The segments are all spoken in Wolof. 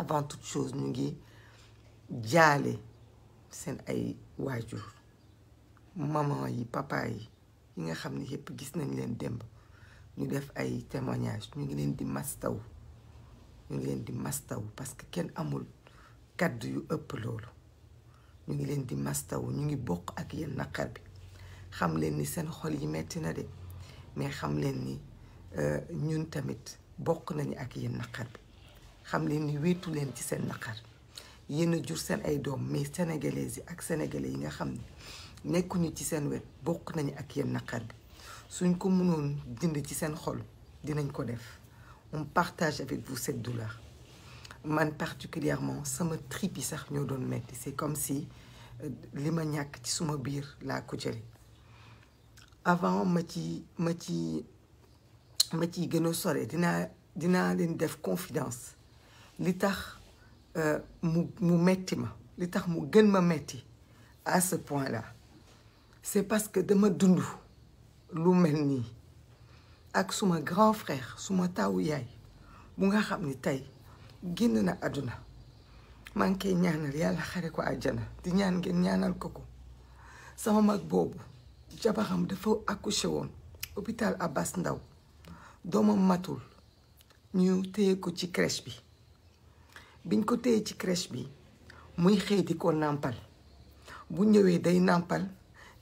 avant toute chose ñu ngi jaale seen ay waajur maman yi papa yi yi nga xam ni yépp gis nañ leen démb ñu def ay témoignage ñu ngi leen di mastaw ñu ngi leen di mastaw parce que kenn amul kàddu yu ëpp loolu ñu ngi leen di mastaw ñu ngi bokk ak yéen naqar bi xam leen ni seen xol yi metti na de mais xam leen ni euh, ñun tamit bokk nañu ak yéen naqar bi xam leen ni wéetu leen ci seen naqar yéen jur seen ay doom mais sénégalaises yi ak sénégalais yi nga xam ne nekkuñu ci seen wet bokk nañu ak yéen naqar bi suñ ko mënoon jënd ci seen xol dinañ ko def on partage avec vous cette douleur man particulièrement sama trip sax ñoo doon metti c'est comme si euh, li ma ñàkk ci suma biir laa ko jële avant ma ci ma ci ma ciy gën a sore dinaa dinaa leen def confidence li tax euh, mu mu metti ma li tax mu gën ma metti à ce point là c'est parce que dama dund lu mel nii ak suma grand frère suma taawu yaay bu nga xam ni tey génn na àdduna maa ngi koy ñaanal yàlla xare ko àjjana di ñaan ngeen ñaanal ko ko sama mag boobu jabaram dafa accouché woon hôpital Abbas ndaw dooma matul ñu téye ko ci crèche bi biñ ko téye ci crèche bi muy xëy di ko nàmpal bu ñëwee day nàmpal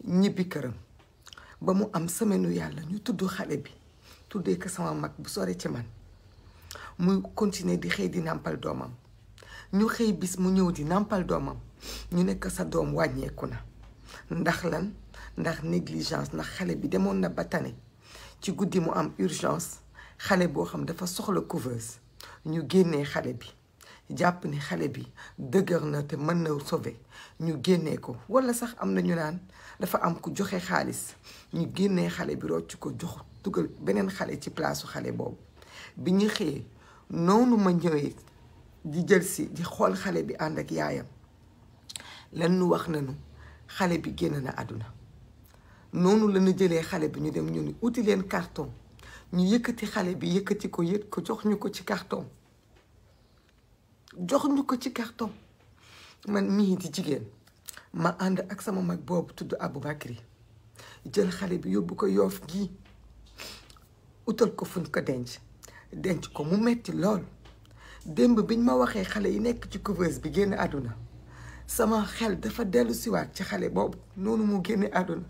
ñibbi këram ba mu am semaine yàlla ñu tudd xale bi tuddee ko sama mag bu sore ci man muy continuer di xëy di nàmpal doomam ñu xëy bis mu ñëw di nàmpal doomam ñu nekk sa doom wàññeeku na ndax lan ndax négligence ndax xale bi demoon na ba tane ci guddi mu am urgence xale boo xam dafa soxla couveuse ñu génnee xale bi jàpp ni xale bi dëgër na te mën na sauver ñu génnee ko wala sax am na ñu naan dafa am ku joxe xaalis ñu génnee xale bi rocc ko jox tugal beneen xale ci palaasu xale boobu bi ñu xëyee noonu ma ñëwee di jël si di xool xale bi ànd ak yaayam lan wax nañu xale bi génn na àdduna noonu la ñu jëlee xale bi ñu dem ñu ni wuti leen carton ñu yëkkati xale bi yëkkati ko yët ko jox ñu ko ci carton jox ñu ko ci carton man mii di jigéen ma ànd ak sama mag boobu tudd abu Aboubacry jël xale bi yóbbu ko yoof gii utal ko fuñ ko denc denc ko mu metti lool démb biñ ma waxee xale yi nekk ci couveuse bi génn àdduna sama xel dafa dellu siwaat ci xale boobu noonu mu génne àdduna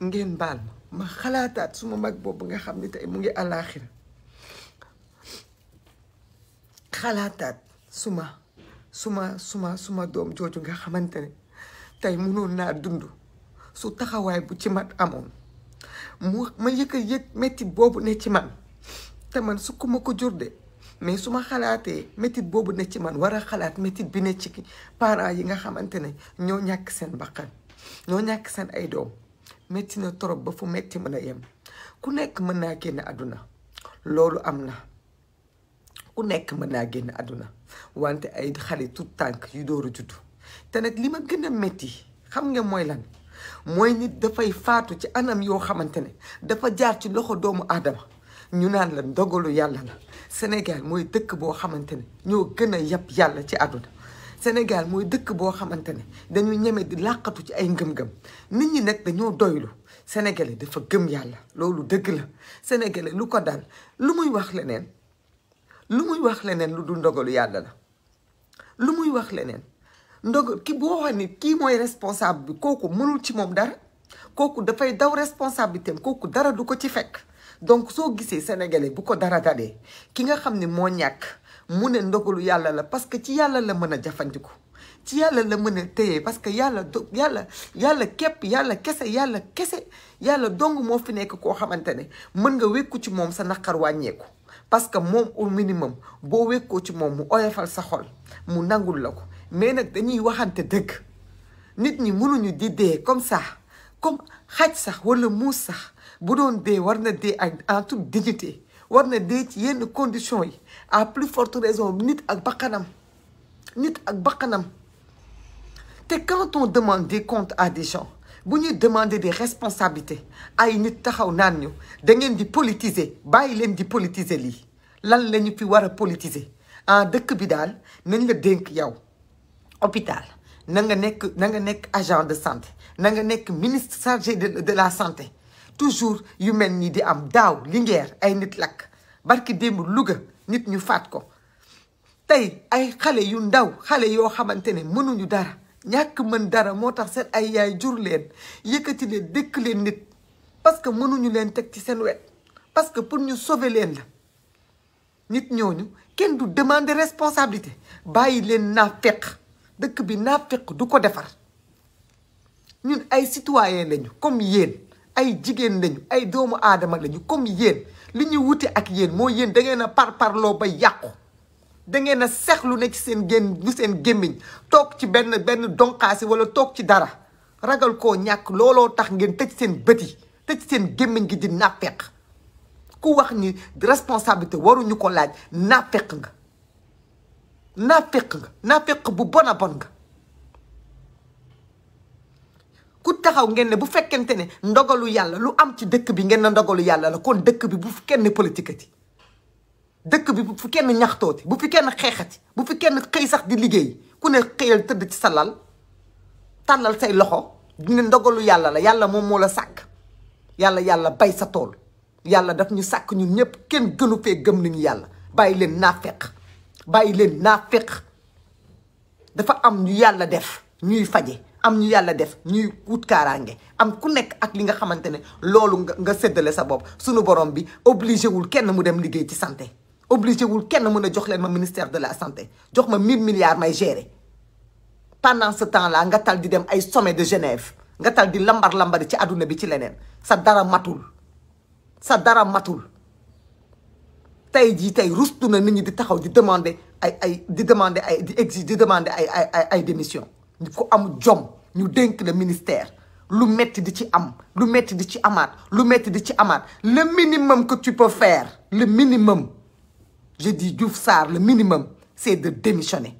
ngeen baal ma xalaataat suma mag boobu nga xam ne tey mu ngi àllaaxira xalaataat suma suma suma suma doom jooju nga xamante ne tey mënoon naa dund su taxawaay bu ci mat amoon mu ma yëg a yëg métti boobu ne ci man te man su ko ma ko jur de mais su ma xalaatee métit boobu ne ci man war a xalaat métit bi ne ci parent yi nga xamante ne ñoo ñàkk seen baqan ñoo ñàkk seen ay doom métti na torop ba fu métti mën a yem ku nekk mën naa génn àdduna loolu am na ku nekk mën naa génn àdduna wante ay xale tout tànk yu dooru judd te nag li ma gën a métti xam nga mooy lan mooy nit dafay faatu ci anam yoo xamante ne dafa jaar ci loxo doomu aadama ñu naan la ndogalu yàlla la Sénégal mooy dëkk boo xamante ne ñoo gën a yab yàlla ci àdduna Sénégal mooy dëkk boo xamante ne dañu ñeme di làqatu ci ay ngëm-ngëm nit ñi nag dañoo doylu Sénégalais dafa gëm yàlla loolu dëgg la Sénégalais lu ko dal lu muy wax leneen lu muy wax leneen lu dul ndogalu yàlla la lu muy wax leneen ndog ki boo xam ni kii mooy responsable bi kooku mënul ci moom dara kooku dafay daw responsabilité am kooku dara du ko ci fekk donc soo gisee sénégalais bu ko dara dalee ki nga xam ne moo ñàkk mu ne ndogalu yàlla la parce que ci yàlla la mën a jafandiku ci yàlla la mën a téye parce que yàlla do yàlla yàlla képp yàlla kese yàlla kese yàlla dong moo fi nekk koo xamante ne mën nga wékku ci moom sa naqar wàññeeku. parce que moom au minimum boo wékkoo ci moom mu oyofal sa xol mu nangul la ko mais nag dañuy waxante dëgg nit ñi mënuñu di dee comme sax comme xaj sax wala muus sax bu doon dee war na dee ak en toute dignité war na dee ci yenn conditions yi à plus forte raison nit ak baqanam nit ak baqanam te quand on demande des comptes à des bu ñu demander des responsabilités ay nit taxaw naan ñu da ngeen di politiser bàyyi leen di politiser lii lan la ñu fi war a politiser ah dëkk bi daal nañ la dénk yow hôpital na nga nekk na nga nekk agent de santé na nga nekk ministre chargé de de la santé toujours yu mel nii di am daaw Linguère ay nit lakk barki démb Louga nit ñu faat ko tey ay xale yu ndaw xale yoo xamante ne mënuñu dara ñàkk mën dara moo tax seen ay yaay jur leen yëkkati leen dëkk leen nit parce que mënuñu leen teg ci seen wet parce que pour ñu sauver leen la nit ñooñu kenn du demande responsabilité bàyyi leen naafeq dëkk bi naafeq du ko defar ñun ay citoyen lañu comme yéen ay jigéen lañu ay doomu aadama lañu comme yéen li ñu wute ak yéen moo yéen dangeen ngeen par parparloo ba yàqu dangeen ngeen a sexlu ne ci seen génn lu seen gémmiñ toog ci benn benn donkaasi wala toog ci dara ragal koo ñàkk looloo tax ngeen tëj seen bët yi tëj seen gémmiñ gi di nàppeq ku wax ni responsabilité waruñu ko laaj nàppeq nga nàppeq nga bu bon a bon nga ku taxaw ngeen ne bu fekkente ne ndogalu yàlla lu am ci dëkk bi ngeen na ndogalu yàlla la kon dëkk bi bu kenn politikati dëkk bi bu fi kenn ñaxtooti bu fi kenn xeexati bu fi kenn xëy sax di liggéey ku ne xëyal tëdd ci sa lal tàllal say loxo dina ndogalu yàlla la yàlla moom moo la sàkk yàlla yàlla bay sa tool yàlla daf ñu sàkk ñu ñëpp kenn gënu fee gëm ñu yàlla bàyyi leen naafeq bàyyi leen naafeq dafa am ñu yàlla def ñuy faje am ñu yàlla def ñuy wut kaaraange am ku nekk ak li nga xamante ne loolu nga séddale sa bopp sunu borom bi obligé wul kenn mu dem liggéey ci santé obligé wul kenn mën a jox leen ma ministère de la santé jox ma 1000 milliards may gérer pendant ce temps là nga tal di dem ay sommet de Genève nga tal di lambar lambari ci àdduna bi ci leneen sa dara matul sa dara matul tey jii tey rustu na nit ñi di taxaw di demander ay ay di demande ay di exige di demander ay ay ay démission ñu ko am jom ñu dénk le ministère lu metti di ci am lu metti di ci amaat lu metti di ci amaat le minimum que tu peux faire le minimum je dis Diouf Sarr le minimum c'est de démissionner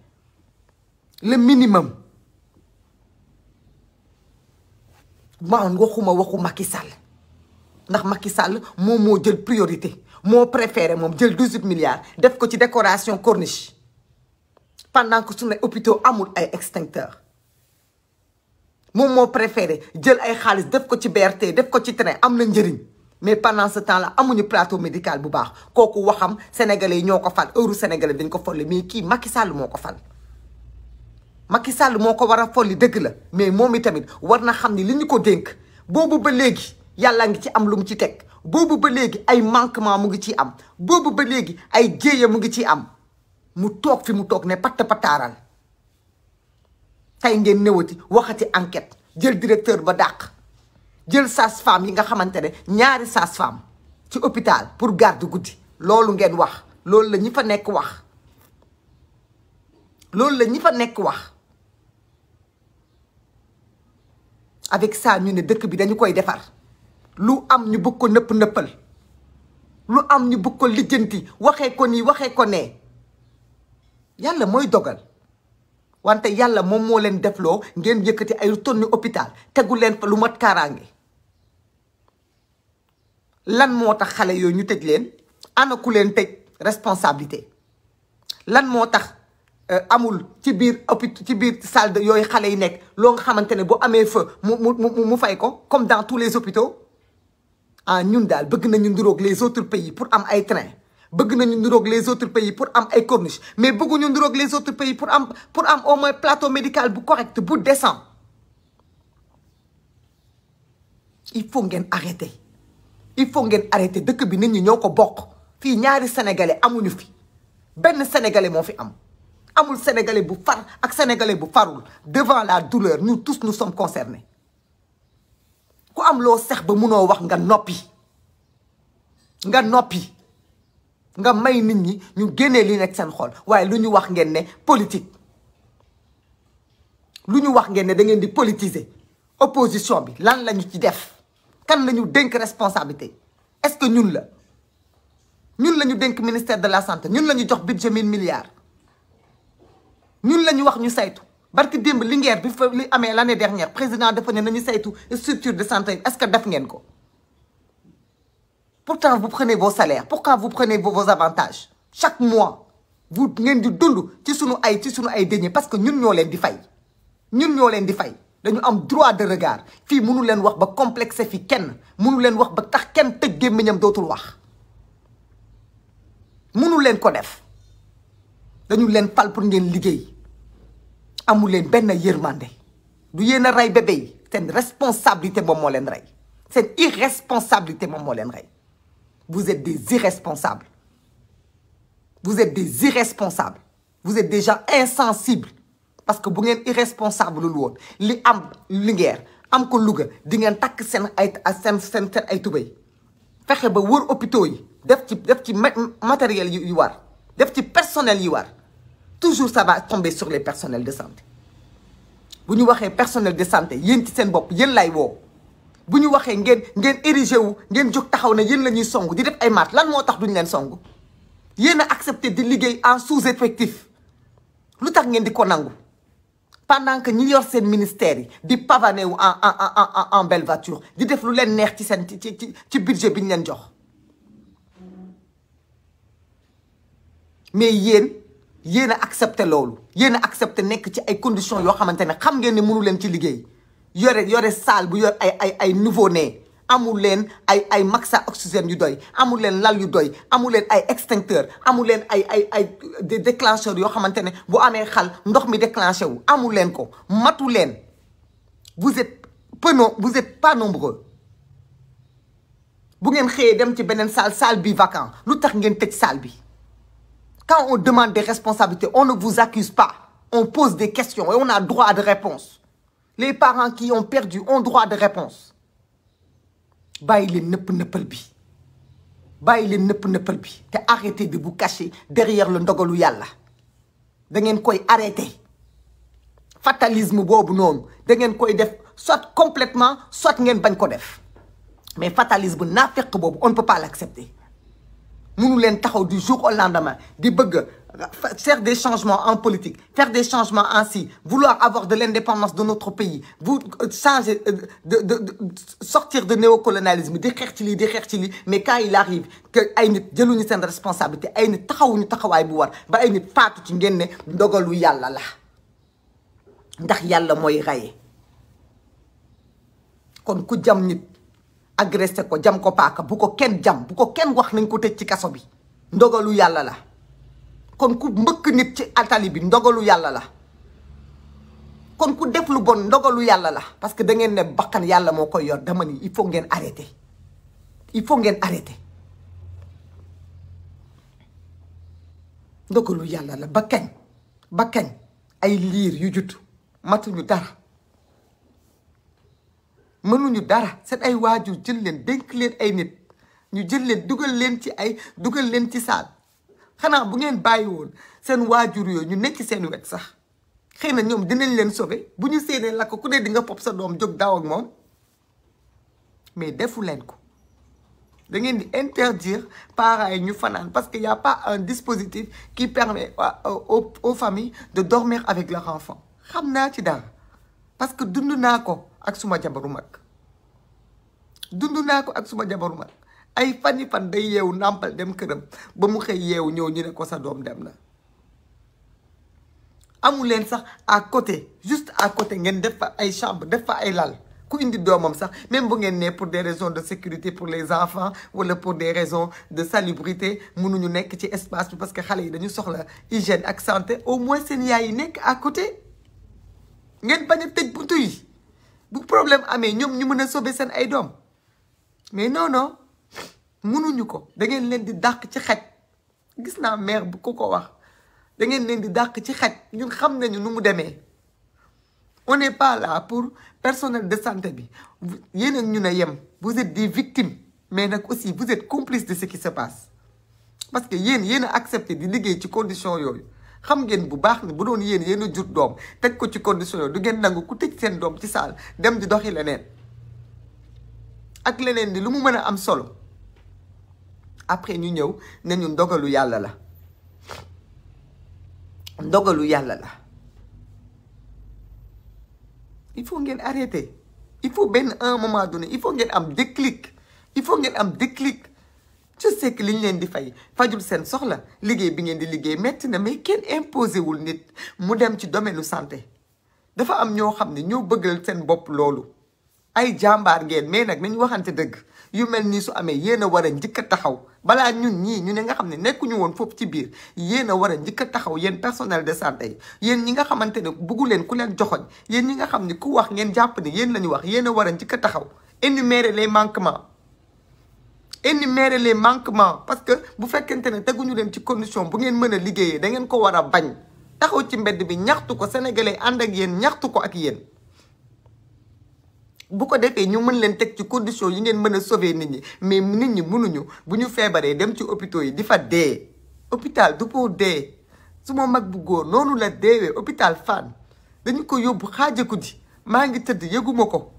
le minimum man waxuma waxu Macky Sall ndax Macky Sall moom moo jël priorité moo préféré moom jël dix-huit milliards def ko ci décoration corniche pendant que suñu hôpitaux amul ay extincteur moom moo préféré jël ay xaalis def ko ci BRT def ko ci train am na njëriñ mais pendant ce temps là amuñu plateau médicale bu baax kooku waxam sénégalais yi ñoo ko fal heure sénégalais dañ ko folli mais kii Macky Sall moo ko fal. Macky sàll moo ko war a li dëgg la mais moom itamit war na xam ni li ñu ko dénk boobu ba léegi yàlla ngi ci am lu mu ci teg boobu ba léegi ay manquement mu ngi ciy am boobu ba léegi ay jéeya mu ngi ciy am mu toog fi mu toog ne patt pataaral tey ngeen néewati waxati enquête jël directeur ba dàq. jël sage-femme yi nga xamante ne ñaari sage-femme ci hôpital pour garde guddi loolu ngeen wax loolu la ñi fa nekk wax loolu la ñi fa nekk wax avec ça ñu ne dëkk bi dañu koy defar lu am ñu bëgg ko nëpp nëppal lu am ñu bugg ko lijjanti waxee ko nii waxee ko nee yàlla mooy dogal wante yàlla moom moo leen defloo ngeen yëkkati ay tonni hôpital tegu leen fa lu mat kaaraange lan moo tax xale yooyu ñu tëj leen ana leen tëj responsabilité lan moo tax euh, amul ci biir hôpital ci biir salle de yooyu xale yi nekk loo nga xamante ne bu amee feu mu mu mu fay ko comme dans tous les hôpitaux ah ñun daal bëgg nañu nduroog les autres pays pour am ay train bëgg nañu nduroog les autres pays pour am ay corniche mais bëgguñu nduroog les autres pays pour am pour am au moins plateau médical bu correct bu décent il faut ngeen arrêter il faut ngeen arrêté dëkk bi nit ñi ñoo ko bokk fii ñaari sénégalais amuñu fi benn sénégalais moo fi am amul sénégalais bu far ak sénégalais bu farul devant la douleur ñu tous nu sommes concernés ku am loo sex ba munoo wax nga noppi nga noppi nga may nit ñi ñu génnee li nekk seen xool waaye lu ñu wax ngeen ne politique lu ñu wax ngeen ne da ngeen di politiser opposition bi lan lañu ci def kan la ñu dénk responsabilité est-ce que ñun la ñun lañu ñu dénk ministère de la santé ñun la ñu jox budget mille milliards ñun la ñu wax ñu saytu barki démb Linguère bi fa li amee l'année dernière président dafa ne nañu saytu structure de santé est-ce que def ngeen ko pour pourtant vous prenez vos salaires pourquoi vous prenez vos avantages chaque mois vous ngeen di dundu ci sunu ay ci sunu ay deniers parce que ñun ñoo leen di fay ñun ñoo leen di fay dañu am droit de regard fii mënu leen wax ba complexé fi kenn mënu leen wax ba tax kenn tëj gémmiñam dootul wax mënu leen ko def dañu leen fal pour ngeen liggéey amu leen benn yërmande du yéen a rey bébé yi seen responsabilité moom moo leen rey seen irresponsabilité moom moo leen rey vous êtes des irresponsables vous êtes des irresponsables vous êtes des gens parce que bu ngeen irresponsable lul woon li am Linguère am ko Louga di ngeen takk seen ay seen seen ay tubéy fexe ba wër hôpitaux yi def ci def ci matériel yu war def ci personnel yi war toujours ça va tomber sur les personnels de santé bu ñu waxee personnels de santé yéen ci seen bopp yéen lay woo bu ñu waxee ngeen ngeen érigé wu ngeen jóg taxaw ne yéen la ñuy song di def ay maat lan moo tax duñu leen song yéen a accepté di liggéey en sous-effectif lu tax ngeen di ko nangu pendant que ñi yor seen ministère yi di pavané wu en en en en di def lu leen neex ci seen ci ci ci budget bi ñu leen jox mais yéen yéen a accepté loolu yéen accepte nekk ci ay conditions yoo xamante ne xam ngeen ne mënu leen ci liggéey yore yore salle bu yor ay ay ay nouveau-né amul leen ay ay maxa oxygène yu doy amul leen lal yu doy amul leen ay extincteur amul leen ay ay ay déclencheur yoo xamante ne bu amee xal ndox mi déclenché wu amul leen ko matu leen vous êtes peu non vous êtes pas nombreux bu ngeen xëyee dem ci beneen salle sal bi vacant lu tax ngeen tëj sal bi quand on demande des responsabilités on ne vous accuse pas on pose des questions et on a droit de réponse les parents qui ont perdu on droit de réponse bàyyi leen nëpp nëppal bi bàyyi leen nëpp nëppal bi te arrêté bi bu caché derrière le ndogalu yàlla da ngeen koy arrêté fatalisme boobu noonu da ngeen koy def soit complètement soit ngeen bañ ko def mais fatalisme naafeq boobu on ne peut pas l'accepter mënu leen taxaw du jour au lendemain di bëgg faire des changements en politique, faire des changements ainsi, vouloir avoir de l'indépendance de notre pays, vous euh, changer, euh, de, de, de, sortir de néocolonialisme, de Khertili, de Khertili, mais quand il arrive, que Aïnit, Djelouni, c'est une responsabilité, Aïnit, Tahaouni, Tahawaï, Bouar, bah Aïnit, Fatou, Tingenne, Ndogolou, Yalla, la Ndax Yalla, moi, Raye. Kon, ku jam nit, agressé ko, jam ko paaka, bu ko ken jam, bu ko ken wax nañ ko tej ci kasso bi. Ndogolou, Yalla, là. kon ku mbëkk nit ci atali bi ndogalu yàlla la kon ku def lu bon ndogalu yàlla la parce que da ngeen ne bakkan yàlla moo koy yor dama ni il faut ngeen arrêter il faut ngeen arrêter ndogalu yàlla la ba kañ ba kañ ay liir yu judd matuñu dara mënuñu dara seen ay waajur jël leen dénk leen ay nit ñu jël leen dugal leen ci ay dugal leen ci saal xanaa bu ngeen bàyyi woon seen waajur yooyu ñu nekki seen wet sax xëy na ñoom dinañ leen sauver bu ñu séenee lakk ku ne di nga pop sa doom jóg daaw ak moom mais defu leen ko da ngeen di interdire parents yi ñu fanaan parce que y a pas un dispositif qui permet euh, aux aux familles de dormir avec leur enfant xam naa ci daal parce que dund naa ko ak suma jabaru mag dund naa ko ak suma jabaru mag ay fan yi fan day yeewu nàmpal dem këram ba mu xëy yeewu ñëw ñu ne ko sa doom dem na amu leen sax à côté juste à côté ngeen def fa ay chambre def fa ay lal ku indi doomam sax même bu ngeen nee pour des raisons de sécurité pour les enfants wala pour des raisons de salubrité mënuñu nekk ci espace bi parce que xale yi dañu soxla hygiène ak santé au moins seen yaay yi nekk à côté ngeen bañ a tëj bu yi bu problème amee ñoom ñu mën a sauver seen ay doom mënuñu ko dangeen leen di dàq ci xet gis naa maire bu ku ko wax da ngeen leen di dàq ci xet ñun xam nañu nu mu demee on n'est pas là pour personnel de santé bi yéen ak ñu ne yem vous êtes di victimes mais nag aussi vous êtes complice de ce qui se passe parce que yéen yéen a accepté di liggéey ci condition yooyu xam ngeen bu baax ni bu doon yéen yéen a jur doom teg ko ci condition yooyu du ngeen nangu ku tëj seen doom ci saal dem di doxi leneen ak leneen ni lu mu mën a am solo après ñu ñëw ne ñu ndogalu yàlla la ndogalu yàlla la il faut ngeen arrêter il faut benn un moment donné il faut ngeen am déclic il faut ngeen am déclic je sais que liñ leen di fay fajul seen soxla liggéey bi ngeen di liggéey metti na mais kenn imposé wul nit mu dem ci domaine u santé dafa am ñoo xam ne ñoo bëgg seen bopp loolu ay jàmbaar ngeen mais nag nañ waxante dëgg yu mel nii su amee yéen a a njëkk a taxaw balaa ñun ñii ñu ne nga xam ne nekkuñu woon foofu ci biir yéen a war njëkk a taxaw yéen personnel de santé yi yéen ñi nga xamante ne buggu leen ku leen joxoñ yéen ñi nga xam ne ku wax ngeen jàpp ne yéen la ñu wax yéen a war a njëkk a taxaw énumérer les manquements énumérer lee manquement parce que bu fekkente ne teguñu leen ci condition bu ngeen mën a liggéeyee da ngeen ko war a bañ taxaw ci mbedd bi ñaxtu ko sénégalais ànd ak yéen ñaxtu ko ak yéen bu ko defee ñu mën leen teg ci condition yi ngeen mën a sauver nit ñi mais nit ñi mënuñu bu ñu feebaree dem ci hôpitaux yi di fa dee hôpital du pour dee su ma mag bu góor noonu la deewee hôpital Fann dañu ko yóbbu xaaja guddi maa ngi tëdd yëguma ko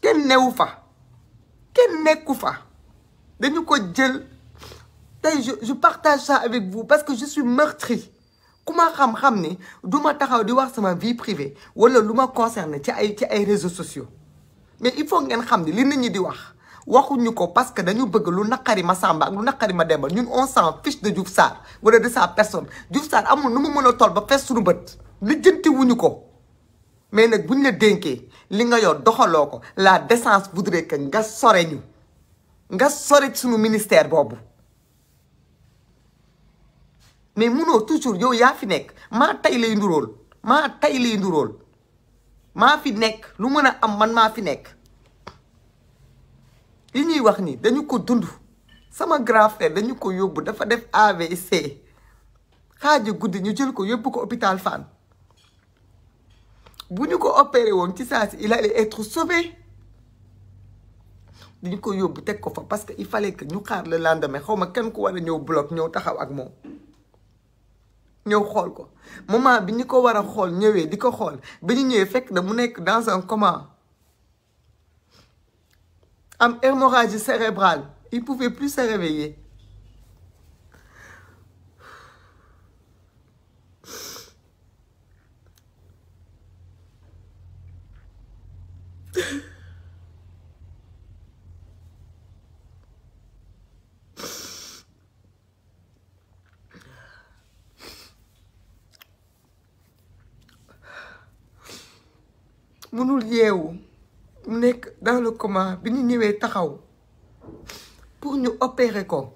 kenn newu fa kenn nekku fa dañu ko jël te je je partage ça avec vous parce que je suis meurtri ku ma xam-xam ni duma taxaw di wax sama vie privée wala lu ma concerné ci ay ci ay réseaux sociaux mais il faut ngeen xam ni li nit ñi di wax waxuñu ko parce que dañu bëgg lu naqari ma Samba ak lu naqari ma Demba ñun on s'en fiche de Diouf Sarr wala de sa personne Diouf Sarr amul nu mu mën a toll ba fees suñu bët lijjanti wuñu ko mais nag bu ñu la dénkee li nga yor doxaloo ko la décence voudrait que nga sore ñu nga sore suñu ministère boobu mais munoo toujours yow yaa fi nekk maa tay lay ndurool maa tay lay ndurool maa fi nekk lu mën a am man maa fi nekk li ñuy wax ni dañu ko dund sama grand frère dañu ko yóbbu dafa def AVC xaaju guddi ñu jël ko yóbbu ko hôpital Fann bu ñu ko opéré woon ci saa si il allait ko yóbbu teg ko fa parce que il fallait que ñu xaar le lendemain xaw ma kenn ku war a ñëw bloc ñëw taxaw ak moom ñëw xool ko moment bi ñu ko war a xool ñëwee di ko xool bi ñu ñëwee fekk na mu nekk dans un coma am hémorragie cérébrale il pouvait plus se réveiller mënul yeewu nekk dans le coma bi ñu ñëwee taxaw pour ñu opérer ko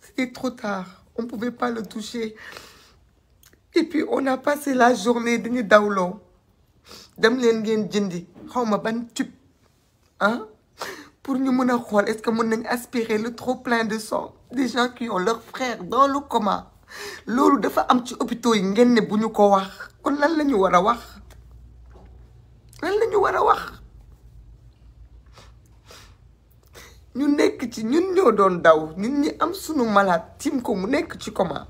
c'était trop tard on pouvait pas le toucher et puis on a passé la journée dañu dawloo dem leen ngeen jëndi xawma ban tube ah pour ñu mën a xool est-ce que mën nañ aspirer le trop plein de sang des gens qui ont leur frère dans le coma loolu dafa am ci hôpitaux yi ngeen ne bu ñu ko wax kon lan la ñu war a wax lan la ñu war a wax ñu nekk ci ñun ñoo doon daw ñun ñi am sunu malaat tim ko mu nekk ci comment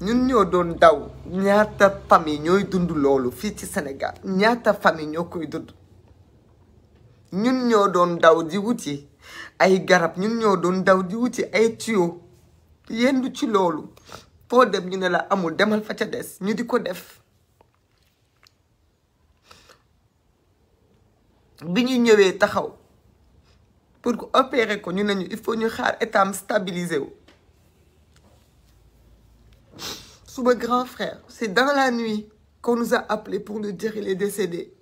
ñun ñoo doon daw ñaata famille ñooy dund loolu fii ci Sénégal ñaata famille ñoo koy dund ñun ñoo doon daw di wuti ay garab ñun ñoo doon daw di wuti ay tuyau yendu ci loolu foo dem ñu ne la amul demal fa ca des ñu di ko def bi ñu ñëwee taxaw pour que opérer ko ñu ne ñu il faut ñu xaar état am stabilisé wu. suma grand frère c'est dans la nuit qu'on nous a appelé pour nous dire il est décédé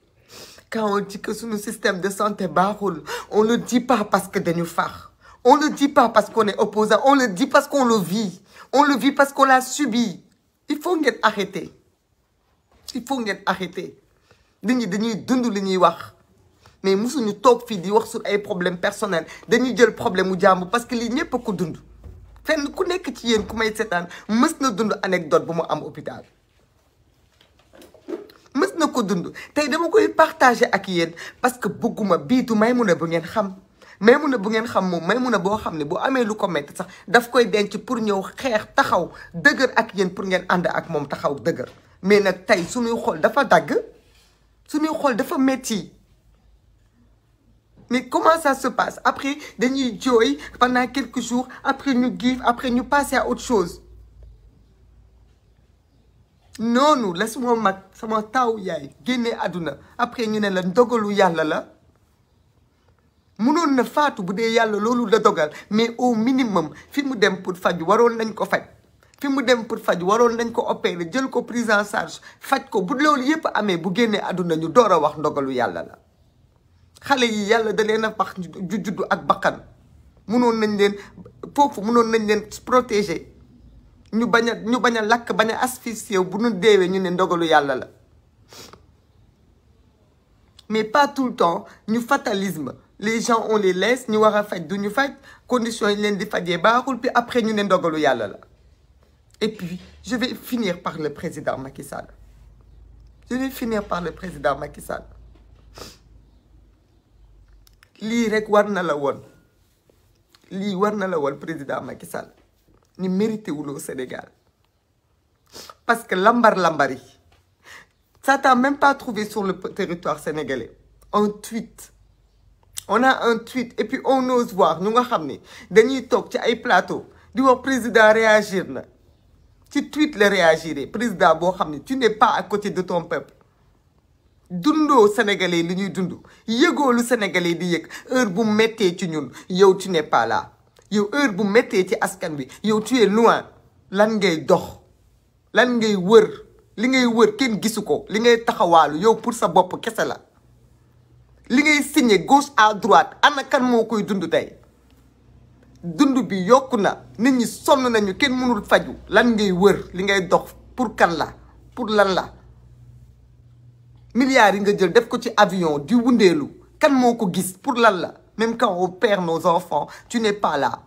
quand on dit que suñu système de santé baaxul on le dit pas parce que dañu far on le dit pas parce qu'on est opposant on le dit parce qu'on le vit on le vit parce qu'on l'a subi il faut ngeen arrêter il faut ngeen arrêter nit ñi dañuy dund li ñuy wax. mais mosuñu toog fii di wax sur ay problème personnel dañuy jël problème mu jàmbur parce que lii ñëpp a ko dund fenn ku nekk ci yéen ku may seetaan mës na dund anecdote bu mu am hôpital mës na ko dund tey dama koy partager ak yéen parce que bëgguma biitu may mun a bu ngeen xam may mun a bu ngeen xam moom may mun a boo xam ne bu amee lu ko metti sax daf koy denc pour ñëw xeex taxaw dëgër ak yéen pour ngeen ànd ak moom taxaw dëgër mais nag tey su suñuy xool dafa dagg suñuy xool dafa metti mais comment ça se passe après dañuy jooy pendant quelques jours après ñu giif après ñu passer à autre chose noonu la suma mag sama taaw yaay génnee àdduna après ñu ne la ndogalu yàlla la mënoon na faatu bu dee yàlla loolu la dogal mais au minimum fi mu dem pour faj waroon nañ ko faj fi mu dem pour faj waroon nañ ko opérer jël ko prise en charge faj ko bu loolu yépp amee bu génnee àdduna ñu door a wax ndogalu yàlla la xale yi yàlla na leen a bax juddu ak bakkan mënoon nañ leen foofu mënoon nañ leen protéger ñu bañ a ñu bañ a lakk bañ a asphyxié bu ñu deewee ñu ne ndogalu yàlla la mais pas tout le temps ñu fatalisme les gens on les laisse ñu war a faj du ñu faj condition yi leen di fajee baaxul puis après ñu ne ndogalu yàlla la et puis je vais finir par le président Macky Sall je vais finir par le président Macky Sall lii rek war na la woon lii war na la woon président Macky Sall ni mérité wuloo Sénégal parce que lambar lambar yi ça t'a même pas trouvé sur le territoire sénégalais un tweet on a un tweet et puis on ose voir ñu nga xam ni dañuy toog ci ay plateau di wax président réagir na ci tweet la réagir président boo xam ni tu n'es pas à côté de ton peuple dundoo sénégalais li ñuy dund yëgoo lu sénégalais di yëg heure bu méttee ci ñun yow tu n'es yow heure bu méttee ci askan bi yow tu es loin lan ngay dox lan ngay wër li ngay wër kenn gisu ko li ngay taxawaalu yow pour sa bopp kese la li ngay signé gauche à droite ana kan moo koy dund tey dund bi yokk na nit ñi sonn nañu kenn mënul faju lan ngay wër li ngay dox pour kan la pour lan la milliards yi nga jël def ko ci avion di kan moo ko gis pour lan la même quand on perd nos enfants tu n'es pas là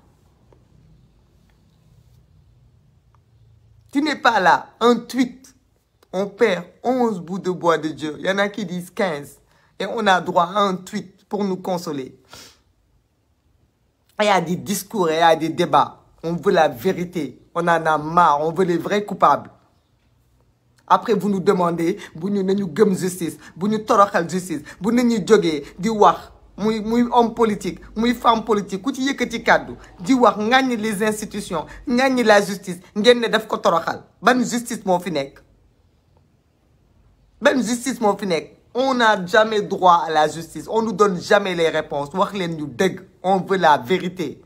tu n'es pas là un tweet on perd onze bouts de bois de Dieu il y en a qui disent et on a droit à un tweet pour nous consoler il a des discours il a des débats on veut la vérité on en a marre on veut les vrais coupables après vous nous demandez bu ñu nañu gëm justice bu ñu toroxal justice bu nit ñi jógee di wax muy muy homme politique muy femme politique ku ci yëkkati kàddu di wax ŋàññi les institutions ŋàññi la justice ngeen ne daf ko toroxal ban justice moo fi nekk ban justice moo fi nekk on n'a jamais droit à la justice on nu donne jamais les réponses wax leen ñu dëgg on veut la vérité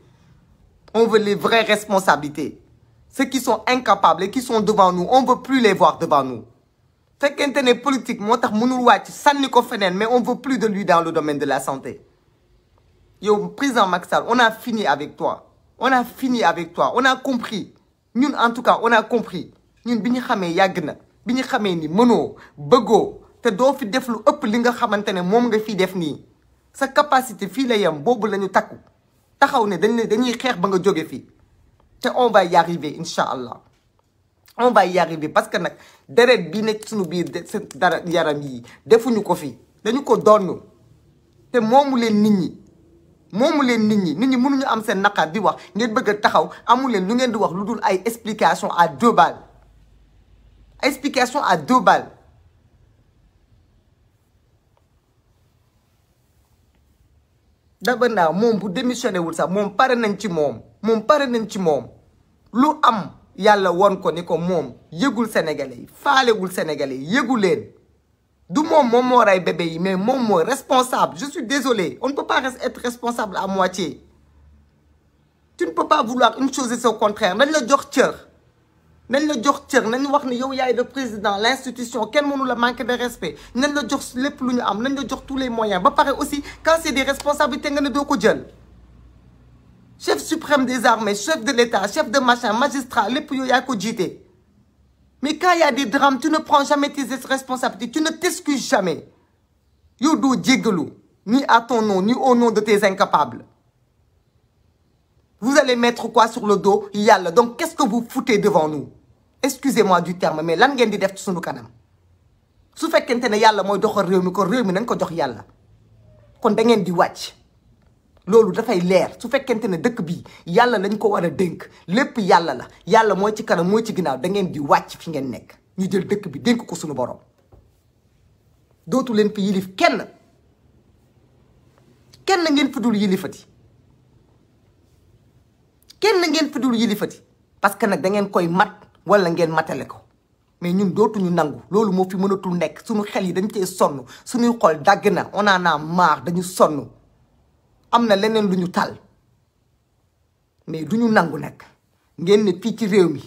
on veut les vraies responsabilités ceux ki sont incapables et qui sont devant nous on veut plus les voir devant nous fekkente ne politique moo tax mënul wàcc sànni ko feneen mais on veut plus de lui dans le domaine de la santé yow président Macky Sall on a fini avec toi on a fini compris ñun en tout cas on a compris ñun bi ñu xamee yàgg na bi ñu xamee ni mënoo bëggoo te doo fi def lu ëpp li nga xamante ne moom nga fii def nii sa capacité fii la yem boobu la ñu takku taxaw ne dañ ne dañuy xeex ba nga jóge fii te on va y arriver incha allah on va y parce que nag deret bi nekk suñu biir seen dara yaram yi defuñu ko fi dañu ko donn te moomu leen nit ñi moomu leen nit ñi nit ñi mënuñu am seen naqar di wax ngeen bëgg a taxaw amu leen lu ngeen di wax lu dul ay explication a deux balles explication à deux balles Daba Ndaw moom bu démissionné wul sax moom pare nañ ci moom moom pare nañ ci moom lu am yàlla won ko ni ko moom yëgul sénégalais yi faalewul sénégalais yi yëgu leen du moom moom moo rey bébé yi mais moom mooy responsable je suis désolé on ne peut pas être responsable à moitié tu ne peux pas vouloir une chose et son contraire nañ la jox cër nañ la jox cër nañ wax ni yow yaay le président l' institution kenn mënu la manquer de respect nañ la jox lépp lu ñu am nañ la jox tous les moyens ba pare aussi quand c' est des responsabilités nga ne doo ko jël chef suprême des armées chef de l'État chef de machin magistrat lépp yow yaa ko jiite mais quand il y a des drames tu ne prends jamais tes responsabilités tu ne t'excuses jamais yow doo jéggalu ni à ton nom ni au nom de tes incapables vous allez mettre quoi sur le dos yàlla donc qu'est-ce que vous foutez devant nous excusez-moi du terme mais lan ngeen di def ci sunu kanam su fekkente ne yàlla mooy doxal réew mi kon réew mi nañ ko jox yàlla kon da ngeen di wàcc loolu dafay leer su fekkente ne dëkk bi yàlla lañ ko war a dénk lépp yàlla la yàlla mooy ci kanam moo ci ginnaaw dangeen ngeen di wàcc fi ngeen nekk ñu jël dëkk bi dénk ko suñu borom dootu leen fi yilif kenn kenn ngeen fi dul yilifati kenn ngeen fi dul parce que nag dangeen koy mat wala ngeen matale ko mais ñun dootuñu nangu loolu moo fi mënatul nekk suñu xel yi dañ cee sonn suñuy xool dagg na on en dañu sonn am na leneen lu ñu tal mais du ñu nangu nag ngeen ne fii ci réew mi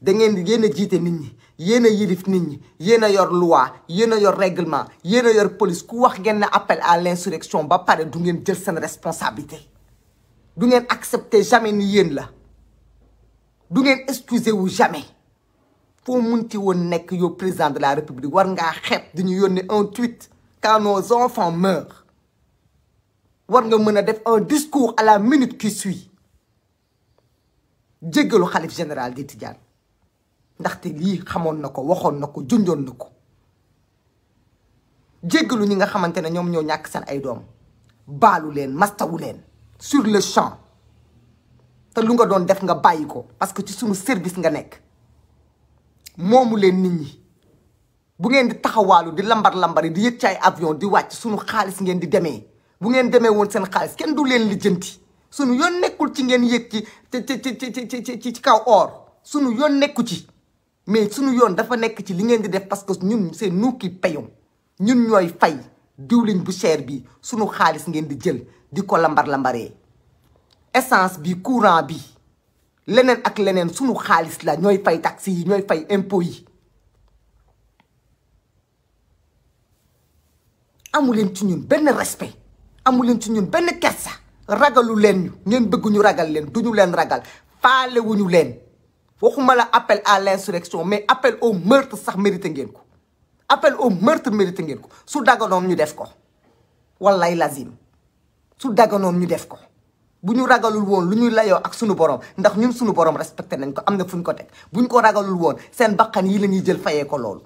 da ngeen yéen a jiite nit ñi yéen a yilif nit ñi yéen a yor loi yéen a yor règlement yéen a yor police ku wax ngeen ne appel à l'insurrection ba pare du ngeen jël seen responsabilité du ngeen accepter jamais ni yéen la du ngeen excuser wu jamais mun ti woon nekk yow président de la république war ngaa xeeb di ñu yónnee un tweet quand nos enfants meurent war nga mën a def un discours à la minute qui suit jéggalu xalif général di Tijaan ndaxte lii xamoon na ko waxoon na ko junjoon na ko jéggalu ñi nga xamante ne ñoom ñoo ñàkk seen ay doom baalu leen mastawu leen sur le champ te lu nga doon def nga bàyyi ko parce que ci suñu service nga nekk moomu leen nit ñi bu ngeen di taxawaalu di lambar lambari di yëg ci ay avion di wàcc suñu xaalis ngeen di demee bu ngeen demee woon seen xaalis kenn du leen lijjanti sunu yoon nekkul ci ngeen yëg ci ci ci ci ci kaw or sunu yoon nekku ci mais sunu yoon dafa nekk ci li ngeen di def parce que ñun c'est nous qui payons ñun ñooy fay diwlin bu cher bi sunu xaalis ngeen di jël di ko lambar lambaree essence bi courant bi leneen ak leneen sunu xaalis la ñooy fay taxi yi ñooy fay impôts yi amu leen ci ñun benn respect. amu leen ci ñun benn kersa ragalu leen ñu ngeen bëgg ragal leen du ñu leen ragal faalewuñu leen waxuma la appel à l'insurrection mais appel au meurtre sax mérité ngeen ko appel au meurtre mérité ngeen ko su daganoon ñu def ko wallaay lazim su daganoon ñu def ko bu ñu ragalul woon lu ñuy layoo ak sunu borom ndax ñun sunu borom respecté nañ ko am na fu ñu ko teg bu ñu ko ragalul woon seen bakkan yi la ñuy jël fayee ko loolu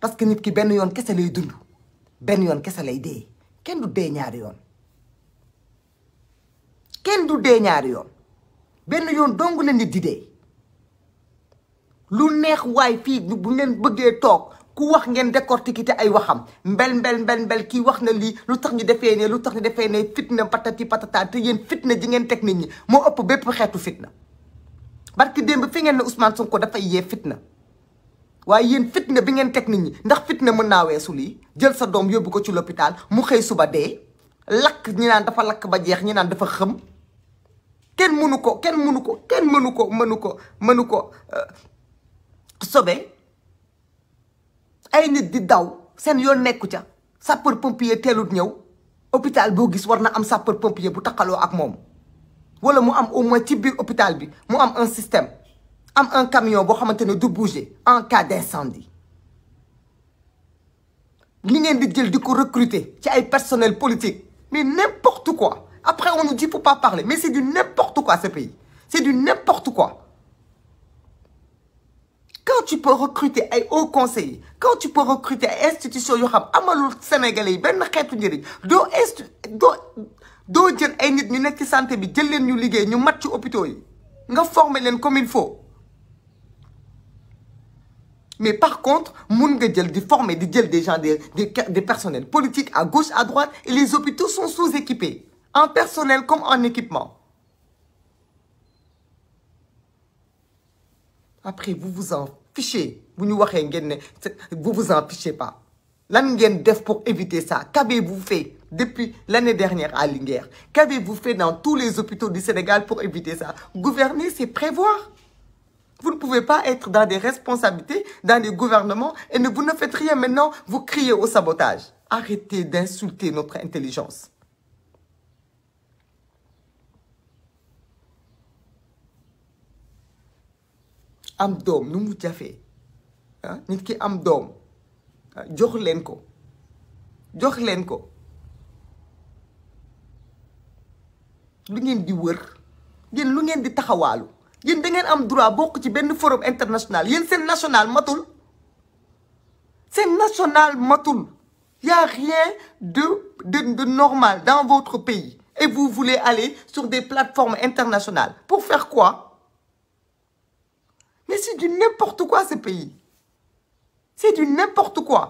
parce que nit ki benn yoon kese lay dund benn yoon kese lay dee kenn du dee ñaari yoon kenn du dee ñaar yoon benn yoon dong la nit di dee lu neex waay fii bu ngeen bëggee toog ku wax ngeen décortiquer ay waxam mbel mbel mbel mbel kii wax na lii lu tax ñu defee ne lu tax ñu defee ne fitna patati patata te yéen fitna ji ngeen teg nit ñi moo ëpp bépp xeetu fitna dem démb fi ngeen ne Ousmane Sonko dafay yee fitna. waaye yéen fitna bi ngeen teg nit ñi ndax fitna mën naa weesu lii jël sa doom yóbbu ko ci l'hôpital mu xëy suba dee lakk ñi naan dafa lakk ba jeex ñi naan dafa xëm kenn mënu ko kenn mënu ko kenn mënu ko mënu ko mënu ko euh, sobe ay nit di daw seen yoon nekku ca sapeur pompier teelu ñëw hôpital boo gis war na am sapeur pompier bu taqaloo ak moom wala mu am au moins ci biir hôpital bi mu am un système am un camion boo xamante ne du bouger en cas d'incendie ni ngeen di jël di ko recruter ci ay personnel politique mais n'importe quoi après on nous dit faut pas parler mais c'est du n'importe quoi ce pays c'est du n'importe quoi quand tu peux recruter ay hauts conseillers quand tu peux recruter ay institutions yoo xam amalul Sénégalais yi benn xeetu njëriñ doo instu doo doo jël ay nit ñu nekk ci santé bi jël leen ñu liggéey ñu mat ci hôpitaux yi nga former leen comme il faut mais par contre mun nga jël di former di jël des gens des des des personnels politiques à gauche à droite et les hôpitaux sont sous-équipés en personnel comme en équipement. après vous vous en fichez bu ñu waxee ngeen ne vous vous en fichez pas lan ngeen def pour éviter ça qu'avez-vous fait depuis l'année dernière à Linguère qu'avez-vous fait dans tous les hôpitaux du Sénégal pour éviter ça gouverner c'est prévoir. Vous ne pouvez pas être dans des responsabilités, dans des gouvernements et ne, vous ne faites rien maintenant, vous criez au sabotage. Arrêtez d'insulter notre intelligence. am doom nu mu jafee ah nit ki am doom jox leen ko jox leen ko lu ngeen di wër ngeen lu ngeen di taxawaalu yéen da ngeen am droit bokk ci benn forum international yéen seen national matul seen national matul y a rien de de de normal dans votre pays et vous voulez aller sur des plateformes internationales pour faire quoi mais c'est du n'importe quoi ce pays c'est du n'importe quoi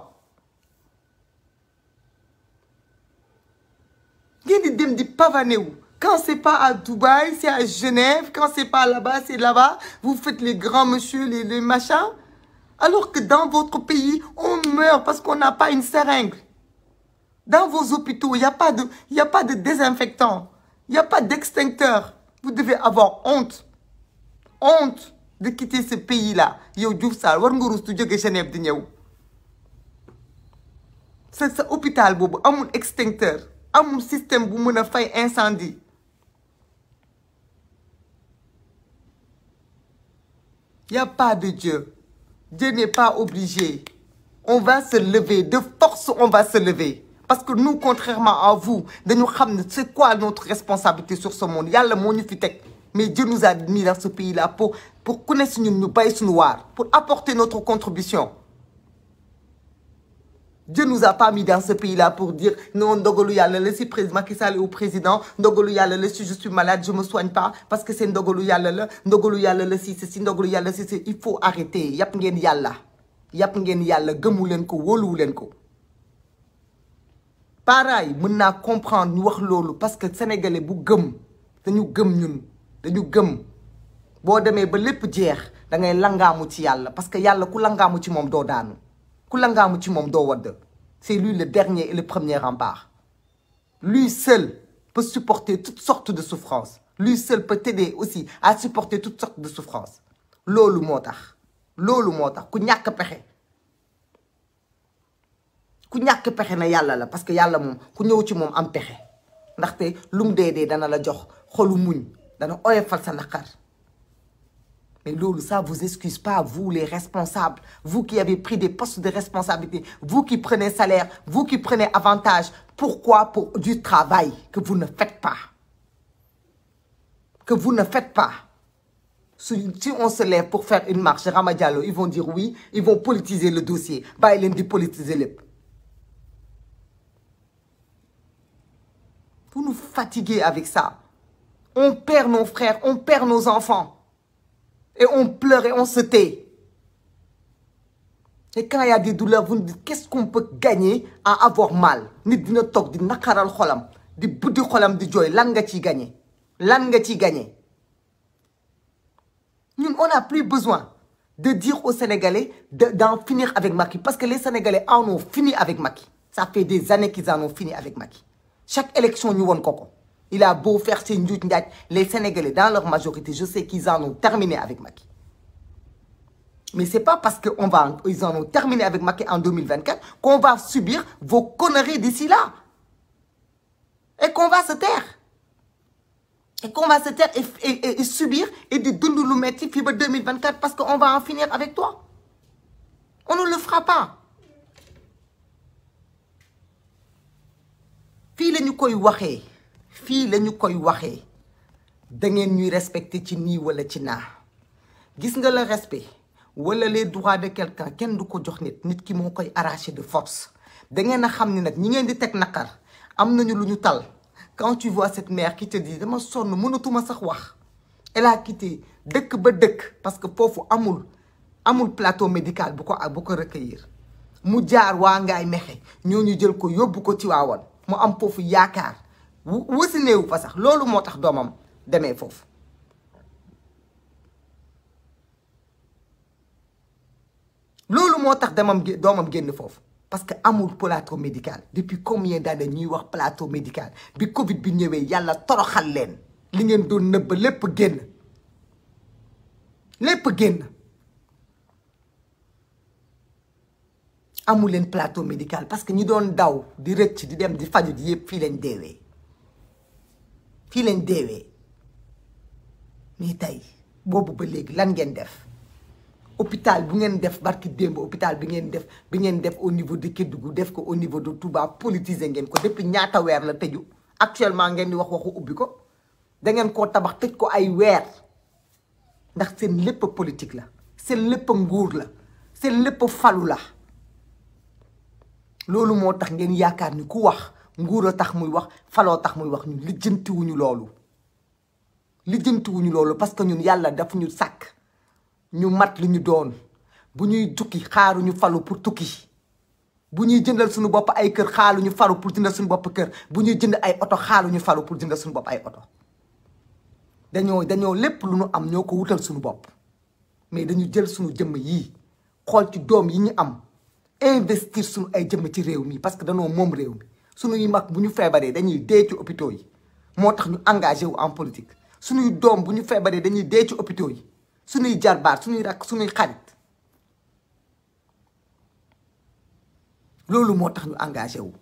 ngeen di dem di pavané Quand c'est pas à Dubaï, c'est à Genève. Quand c'est pas là-bas, c'est là-bas. Vous faites les grands monsieur, les, les machins. Alors que dans votre pays, on meurt parce qu'on n'a pas une seringue. Dans vos hôpitaux, il n'y a, pas de, y a pas de désinfectant. Il n'y a pas d'extincteur. Vous devez avoir honte. Honte de quitter ce pays-là. yow Diouf Sarr war nga rus tu jóge Genève di ñëw sa sa hôpital boobu amul extincteur amul système bu mën a fay incendie Il n'y a pas de Dieu. Dieu n'est pas obligé. On va se lever. De force, on va se lever. Parce que nous, contrairement à vous, nous savons c'est quoi notre responsabilité sur ce monde. Il y a le monde Mais Dieu nous a mis dans ce pays-là pour, pour connaître nous, nous, pour apporter notre contribution. Dieu nous a pas mis dans ce pays-là pour dire non ndogalu yàlla la si président Macky Sall ou président ndogalu yàlla la si je suis malade je me soigne pas parce que c'est ndogalu yàlla la ndogalu yàlla la si si ndogalu yàlla si si il faut arrêter yàpp ngeen yàlla yàpp ngeen yàlla gëmu leen ko wóoluwu leen ko pareil mën naa comprendre ñu wax loolu parce que sénégalais bu gëm dañu gëm ñun dañu gëm boo demee ba lépp jeex da ngay langaamu ci yàlla parce que yàlla ku langaamu ci moom doo daanu ku la ngaamu ci moom doo wadd c'est lu le dernier et le premier rempart lui seul peut supporter toutes sortes de souffrances lui seul peut t'aider aussi à supporter tout sortes de souffrances loolu moo tax loolu moo tax ku ñàkk pexe ku ñàkk pexe na yàlla la parce que yàlla moom ku ñëw ci moom am pexe ndaxte lu mu dee dee dana la jox xolu muñ dana oyofal sa naqar mais loolu ça vous excuse pas vous les responsables vous qui avez pris des postes de responsabilité vous qui prenez salaire vous qui prenez avantage pourquoi pour du travail que vous ne faites pas que vous ne faites pas si on se lève pour faire une marche Rama Diallo ils vont dire oui ils vont politiser le dossier bàyyi leen di politiser lépp vous nous fatiguez avec ça on perd nos frères on perd nos enfants Et on pleure et on se tait. Et quand il y a des douleurs, vous qu'est-ce qu'on peut gagner à avoir mal nit dina toog di naqaral xolam di buddi xolam di joy lan nga ci gagné lan nga ciy gagné ñun on a plus besoin de dire aux Sénégalais d'en finir avec Macky parce que les Sénégalais en ont fini avec Macky ça fait des années qu'ils en ont fini avec Macky chaque élection ñu woon ko ko Il a beau faire ses njuuj les Sénégalais dans leur majorité je sais qu'ils en ont terminé avec Macky mais c'est pas parce que on va ils en ont terminé avec Macky en 2024 qu'on va subir vos conneries d'ici là et qu'on va se taire et qu'on va se taire et, subir et di dund lu metti fii ba 2024 parce que on va en finir avec toi on ne le fera pas koy waxee fii lañu koy waxee da ngeen ñuy respecter ci nii walla ci naa gis nga la respect wala les droits de quelqu'un kenn du ko jox nit nit ki moo koy arraché de force da ngeen a xam ni nag ñi ngeen di teg naqar am nañu lu ñu tal quand tu vois cette mère te dit dama sonn mënatuma sax wax elle a dëkk ba dëkk parce que foofu amul amul plateau médical bu ko ak bu ko recueillir mu jaar waa ngaay mexe ñooñu jël ko yóbbu ko ci waawoon mu am foofu yaakaar wasileewu fa sax loolu moo tax doomam demee foofu loolu moo tax damam doomam génn foofu parce que amul plateau médical depuis combien d'années ñuy wax plateau médical bi Covid bi ñëwee yàlla toroxal leen li ngeen doon nëbba lépp génn lépp génn amu leen plateau médical parce que ñi doon daw di rëcc di dem di faju di yëpp fii leen deewee fii leen deewee mais tey boobu ba léegi lan ngeen def hôpital bu ngeen def barki démb hôpital bi ngeen def bi ngeen def au niveau de Kédougou def ko au niveau de Touba politiser ngeen ko depuis ñaata weer la tëju actuellement ngeen di wax waxu ubbi ko da ngeen koo tabax tëj ko ay weer ndax seen lépp politique la seen lépp nguur la seen lépp falu la loolu moo tax ngeen yaakaar ni ku wax nguur a tax muy wax faloo tax muy wax ñu lijjantiwuñu loolu lijjantiwuñu loolu parce que ñun yàlla daf ñu sàkk ñu mat li ñu doon bu ñuy tukki xaaruñu falu pour tukki bu ñuy jëndal suñu bopp ay kër xaaluñu ñu pour jëndal suñu bopp kër bu ñuy jënd ay oto xaaluñu falu pour jëndal suñu bopp ay oto dañoo dañoo lépp lu ñu am ñoo ko wutal suñu bopp mais dañu jël suñu jëmm yii xool ci doom yi ñu am investir suñu ay jëmm ci réew mi parce que dañoo moom réew mi suñuy mag bu ñu feebaree dañuy dee ci hôpitaux yi moo tax ñu engagé wu en politique suñuy doom bu ñu feebaree dañuy dee ci hôpitaux yi suñuy jarbaar suñuy rakk suñuy xarit loolu moo tax ñu engagé wu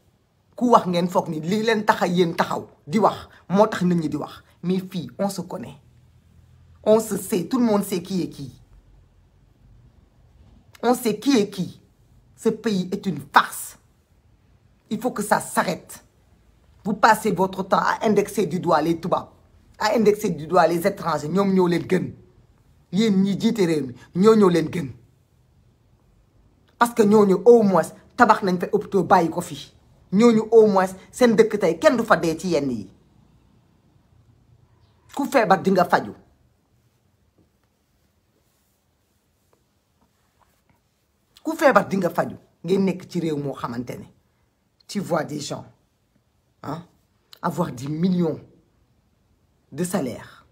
ku wax ngeen foog ni li leen taxa yéen taxaw di wax moo tax nit ñi di wax mais fii on se connaît on se sait tout le monde sait qui est qui on sait qui est qui pays est une farce Il faut que ça s'arrête. Vous passez votre temps à indexer du doigt les tubaab à indexer du doigt les étrangers ñoom ñoo leen gën yéen ñi jiite réew mi ñoo ñoo leen gën parce que ñooñu au moins tabax nañ fa hôpitaux bàyyi ko fi ñooñu au moins seen dëkk tey kenn du fa dee ci yenn yi ku feebar di nga faju ku feebar di nga faju ngeen nekk ci réew moo xamante ne tu vois des gens hein, avoir des millions de salaire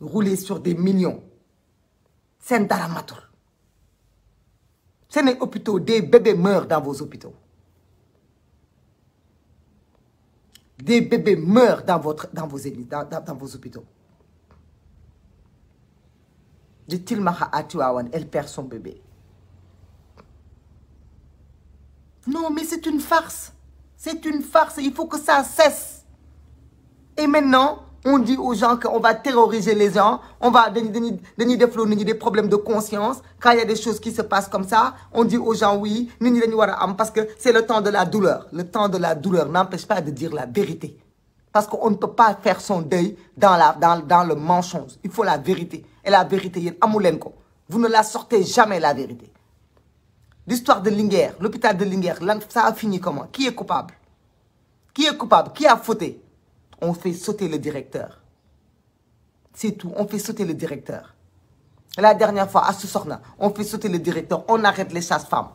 rouler sur des millions seen dara matul seen ay hôpitaux des bébés meurent dans vos hôpitaux des bébés meurent dans votre dans vos dans, dans, dans vos hôpitaux de Tilmaxa à Tivaouane elle perd son bébé non mais c'est une farce C'est une farce, il faut que ça cesse. Et maintenant, on dit aux gens qu'on va terroriser les gens, on va dañuy dañuy def loolu nit ñi des problèmes de conscience quand il y a des choses qui se passent comme ça on dit aux gens oui nit ñi dañu war a am parce que c'est le temps de la douleur le temps de la douleur n'empêche pas de dire la vérité parce qu'on ne peut pas faire son deuil dans la dans dans le mensonge il faut la vérité et la vérité yéen amu leen ko vous ne la sortez jamais la vérité l'histoire de Linguère, l'hôpital de Linguère, ça a fini comment Qui est coupable Qui est coupable Qui a fauté On directeur. C'est tout, on fait sauter le directeur. La dernière fois, à Soussorna, on fait sauter le directeur, on arrête les chasses femmes.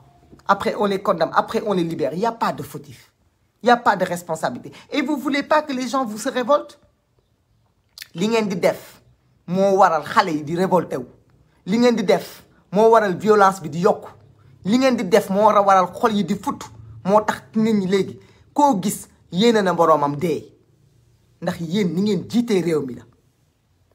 Après, on les condamne, après, on les libère. Il n'y a pas de fautif. Il n'y a pas de responsabilité. Et vous ne voulez pas que les gens vous se révoltent Li ngeen di def moo waral xale yi di révolté wu. Li ngeen di def moo waral violence bi di yokku. li ngeen di def moo war a waral xol yi di fut moo tax nit ñi léegi koo gis yéene na moroomam dee ndax yéen ni ngeen jiitee réew mi la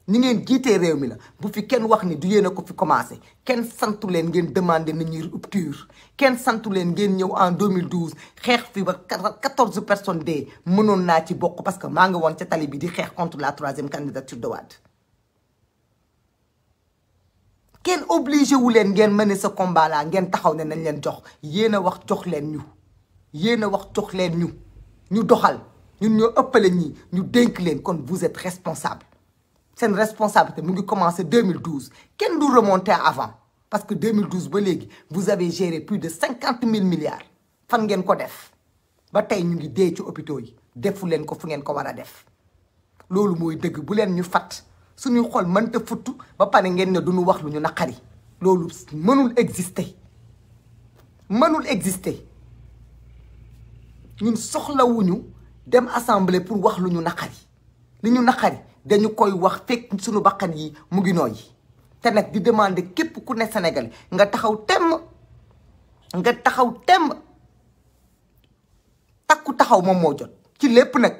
ni ngeen jiitee réew mi la bu fi kenn wax ni du yéen a ko fi commencé kenn santu leen ngeen demandé na ñuy rupture kenn santu leen ngeen ñëw en 2012 xeex fi ba 14 personnes dee mënoon naa ci bokk parce que maa ngi woon ca tali bi di xeex contre la troisième candidature de Wade kenn obligé wu leen ngeen mener ce combat là ngeen taxaw ne nañ leen jox yéen a wax jox leen ñu yéen a wax jox leen ñu ñu doxal ñun ñoo ëppale ñi ñu dénk leen kon vous êtes responsable seen responsabilité mu ngi commencé 2012 kenn du remonter avant parce que 2012 ba léegi vous avez géré plus de cinquante mille milliards fan ngeen ko def ba tey ñu ngi dee ci hôpitaux yi defu leen ko fu ngeen ko war a def loolu mooy dëgg bu leen ñu fat suñuy xol mënta futtu ba pare ngeen ne duñu wax lu ñu naqari loolu mënul exister mënul exister ñun soxlawuñu dem assemblée pour wax lu ñu naqari li ñu naqari dañu koy wax fekk suñu bakkan yi mu ngi nooy te nag di demander képp ku ne Sénégal nga taxaw temm nga taxaw temm takku taxaw moom moo jot ci lépp nag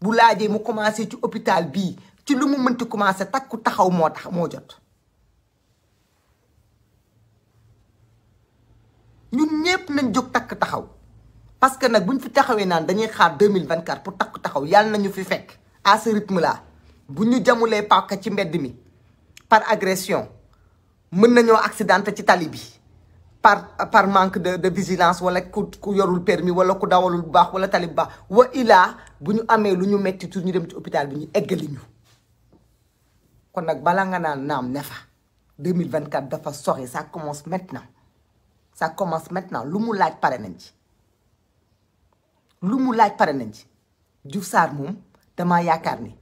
bu laajee mu commencé ci hôpital bii ci lu mu mënti commencé takku taxaw moo tax moo jot ñun ñépp nañ jóg takk taxaw parce que nag ñu fi taxawee naan dañuy xaar 2024 pour takku taxaw yàlla ñu fi fekk à ce rythme bu ñu jamulee paaka ci mbedd mi par agression mën nañoo accidenté ci tali bi par par manque de de vigilance wala ku ku yorul permis wala ku dawalul bu baax wala tali bu baax wa ilaa bu ñu amee lu ñu metti tur ñu dem ci hôpital bi ñu eggali ñu kon nag balaa nga naan naam ne fa 2024 dafa sori ça commence maintenant ça commence maintenant lu mu laaj pare nañ ci lu mu laaj pare nañ ci Diouf saar moom damaa yaakaar ni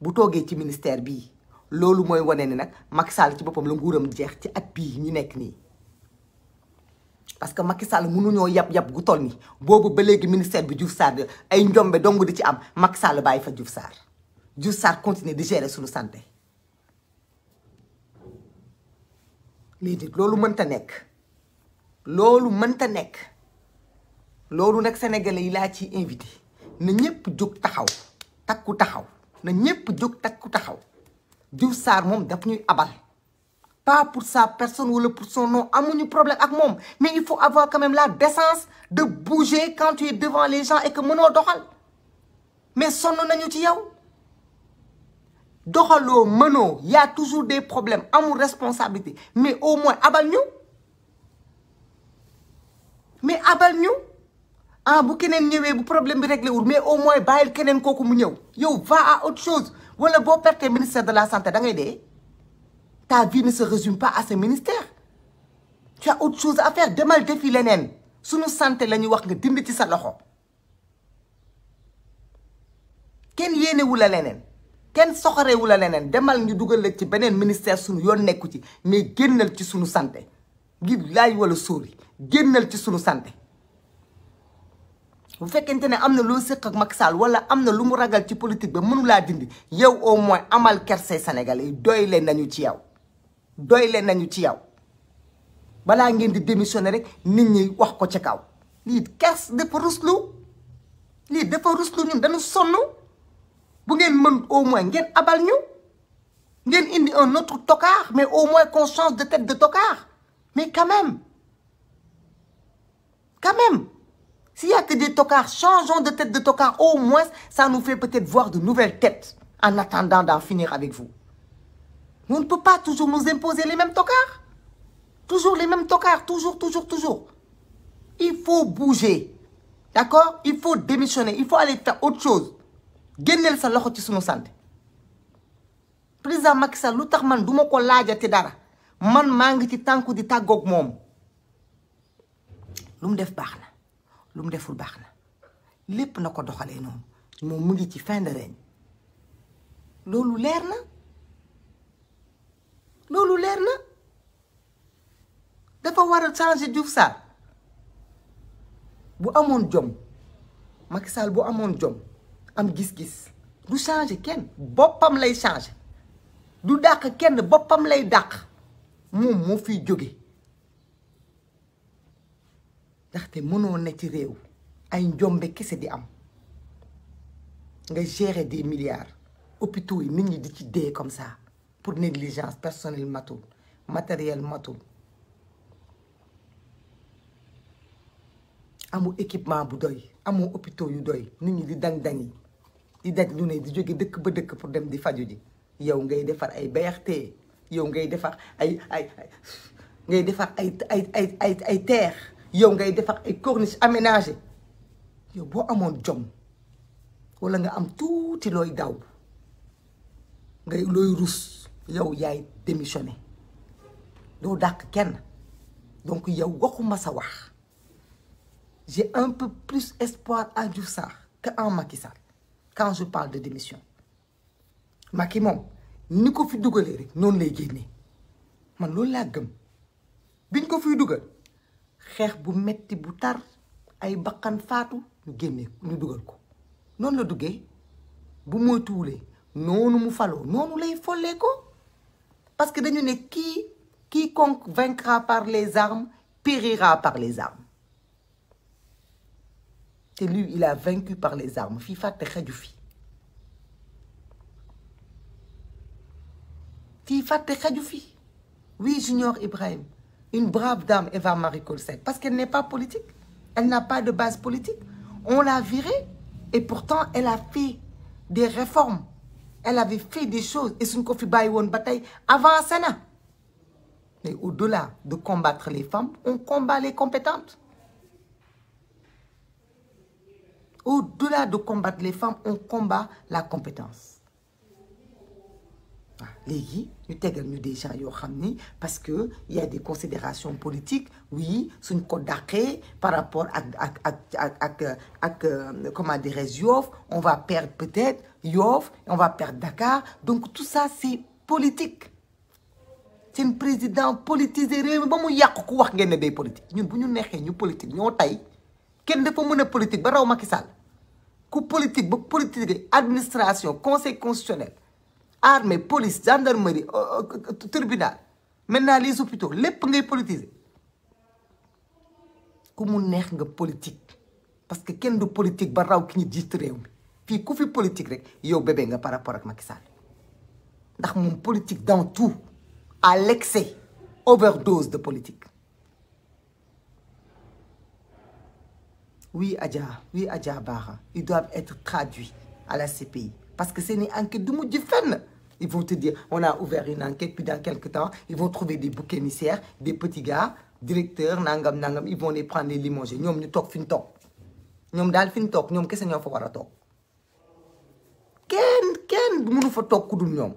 bu toogee ci ministère bi loolu mooy wane ni nag Macky Sall ci boppam la nguuram jeex ci at bii ñu nekk nii parce que Macky Sall mënuñoo yab yab gu toll ni boobu ba léegi ministère bi Diouf Sarr ay njombe dong di ci am Macky Sall bàyyi fa Diouf saar Diouf Sarr continuer di gérer suñu sante loolu mën loolu mënta nekk loolu mën ta nekk loolu nag sénégalais yi laa ci invité na ñëpp jóg taxaw takku taxaw na ñëpp jóg takku taxaw Diouf Sarr moom daf ñuy abal pas pour sa personne wala pour son amuñu problème ak moom mais il faut avoir que même la décence de bouger quand tu es devant les gens et que mënoo doxal mais sonn nañu ci yow doxaloo mënoo yaa toujours des problème amul responsabilité mais au moins abal ñu mais abal ñu ah bu keneen ñëwee bu problème bi réglé wul mais au moins bàyyil keneen kooku mu ñëw yow va à autre chose wala boo pertee ministère de la santé da ngay dee ta vie sa se résume pas à ce ministère tu as autre chose à faire demal defi leneen suñu santé la ñuy wax nga dindi ci sa loxo kenn yéenewu la leneen kenn soxorewu leneen demal ñu dugal la ci beneen ministère sunu yoon nekku ci mais génnal ci sunu sante ngir laay wala sóori génnal ci suñu sante bu fekkente ne am na loo séq ak wala am na lu mu ragal ci politique ba mënu laa dindi yow au moins amal kerse sénégalais yi doy leen nañu ci yow doy leen nañu ci yow balaa ngeen di démissionner rek nit ñi wax ko ci kaw lii kers dafa ruslu lii dafa ruslu ñun dañu sonn bu ngeen mën au moins ngeen abal ñu ngeen indi un autre tocard mais au moins qu'on change de tête de tocard mais quand même si même y a que des tocards changeons de tête de tocard au moins ça nous fait peut-être voir de nouvelles têtes en attendant d'en finir avec vous mais ne peut pas toujours nous imposer les mêmes tocards toujours les mêmes tocards toujours toujours il faut bouger d'accord il faut démissionner il faut aller faire autre chose génneel sa loxo ci sunu santé président Macky lu tax man duma ko laajati dara man maa ngi ci tànku di tàggook moom lu mu def baax na lu mu deful baax na lépp na ko doxalee noonu moom mu ngi ci fin loolu leer na loolu leer na dafa war a changer Diouf Sarr bu amoon jom Macky bu amoon jom am gis-gis du changer kenn boppam lay changer du dàq kenn boppam lay dàq moom moo fi jóge ndaxte mënoon na ci réew ay njombe kese di am nga gérer des milliards hôpitaux yi nit ñi di ci dee comme ça pour négligence personnel matul matériel matul amul équipement bu doy amul hôpitaux yu doy nit ñi di dang-dang yi di daj lu ne di jóge dëkk ba dëkk pour dem di faju ji yow ngay defar ay BRT yow ngay defar ay ay ngay defar ay ay ay ay ay terre yow ngay defar ay corniche aménagée yow boo amoon jom wala nga am tuuti looy daw ngay looy rus yow yaay démissionné doo daq kenn donc yow waxuma sa wax j'ai un peu plus espoir en Diouf Sarr un en Macky quand je parle de démission Macky moom ni ko fi dugalee rek noonu lay génnee man loolu laa gëm biñ ko fiy dugal xeex bu metti bu tar ay bakkan faatu ñu génnee ñu dugal ko noonu la duggee bu moytuwulee noonu mu faloo noonu lay follee ko parce que dañu ne qui quiconque vaincra par les armes périra par les armes te lui il a vaincu par les armes fii fàtte xaju fi fii fàtte xaju fi oui Junior Ibrahim une brave dame Eva Marie Coll parce qu'elle n'est pas politique elle n'a pas de base politique on l'a virée et pourtant elle a fait des réformes elle avait fait des choses et suñ ko fi bàyyi woon ba tey avancé na mais au-delà de combattre les femmes on combat les compétentes Au-delà de combattre les femmes, on combat la compétence. waaw ah, léegi ñu tegal ñu des gens yoo xam ni parce que il y a des considérations politiques oui suñ ko dàqee par rapport ak ak ak ak ak ak euh, comment dirais-je Yoff on va perdre peut-être Yoff on va perdre Dakar donc tout ça c'est politique seen président politisé réew mi ba mu yàq ku wax ngeen ne day politique ñun bu ñu neexee ñu politique ñoo tey kenn dafa mën a politique ba raw Macky Sall ku politique ba politique administration conseil constitutionnel armée police gendarmerie euh, euh, euh, tribunal maintenant les hôpitaux lépp ngay politiser ku mu neex nga politique parce que kenn du politique ba raw ki ñu jiit réew mi fii ku fi politique rek yow bébé nga par rapport ak Macky Sall ndax moom politique dans tout à l'excès overdose de politique oui Adja oui Adja Bara ils doivent être traduits à la CPI parce que seeni enquête du mujj fenn ils vont te dire on a ouvert une enquête puis dans quelque temps ils vont trouver des boucs émissaires des petits gars directeurs nangam nangam ils vont les prendre les limoger ñoom ñu toog fi ñu toog ñoom daal fi ñu toog ñoom kese ñoo fa war a toog kenn kenn mënu fa toog ku dul te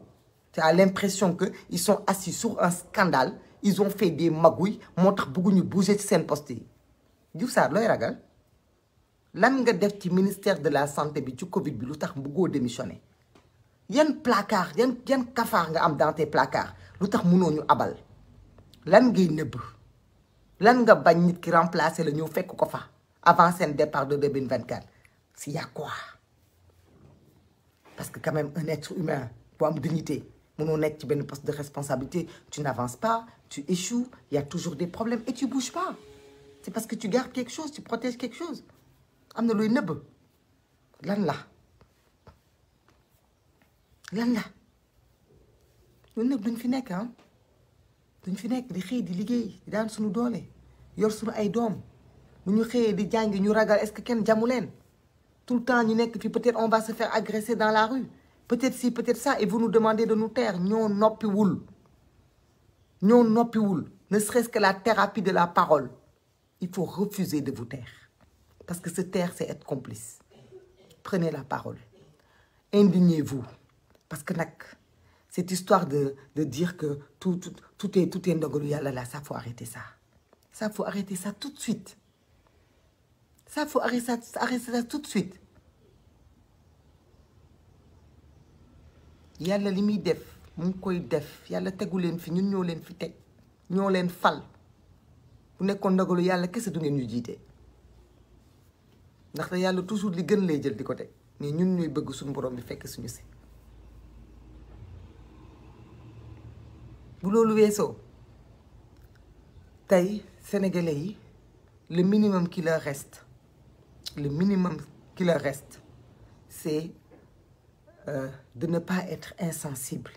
tu as l'impression que ils sont assis sur un scandale ils ont fait des magouilles moo tax bëgguñu bouger seen poste yi looy ragal lan nga def ci ministère de la santé bi ci Covid bi lu tax bu bëggoo démissionné yan placard yan yan kafaar nga am dans tes placards lu tax mënoo ñu abal lan ngay nëbb lan nga bañ nit ki remplacer la ñëw fekk ko fa avant seen départ de 2024 s'il y a quoi parce que quand même un être humain bu am dignité mënoo nekk ci benn poste de responsabilité tu n'avances pas tu échoues il y a toujours des problèmes et tu bouges pas c'est parce que tu gardes quelque chose am na luy nëbb lan la lan la ñun nag duñ fi nekk ah duñ fi nekk di xëy di liggéey di daan suñu doole yor suñu ay doom bu ñu xëyee di jàngi ñu ragal est-ce que kenn jamu leen tout le temps ñu nekk fi peut-être on va se faire agresser dans la rue peut-être si peut-être ça et vous nous demandez de nous taire wul noppiwul ñoo noppiwul ne serait que la thérapie de la parole il faut refuser de vous taire Parce que se taire, c'est être complice. Prenez la parole. Indignez-vous. Parce que nak, cette histoire de, de dire que tout, tout, tout est, tout est là, là, ça, faut arrêter ça. Ça, faut arrêter ça tout de suite. Ça, tout de suite. yàlla li muy def mu ngi koy def yàlla tegu leen fi ñun ñoo leen fi teg ñoo leen fal bu nekkoon ndogalu yàlla kese du ngeen ñu jiite ndaxte yàlla toujours li gën lay jël di ko teg mais ñun ñuy bëgg suñu borom bi fekk suñu si bu loolu weesoo tey sénégalais yi le minimum qui leur reste le minimum qui leur reste c'est euh, de ne pas être insensible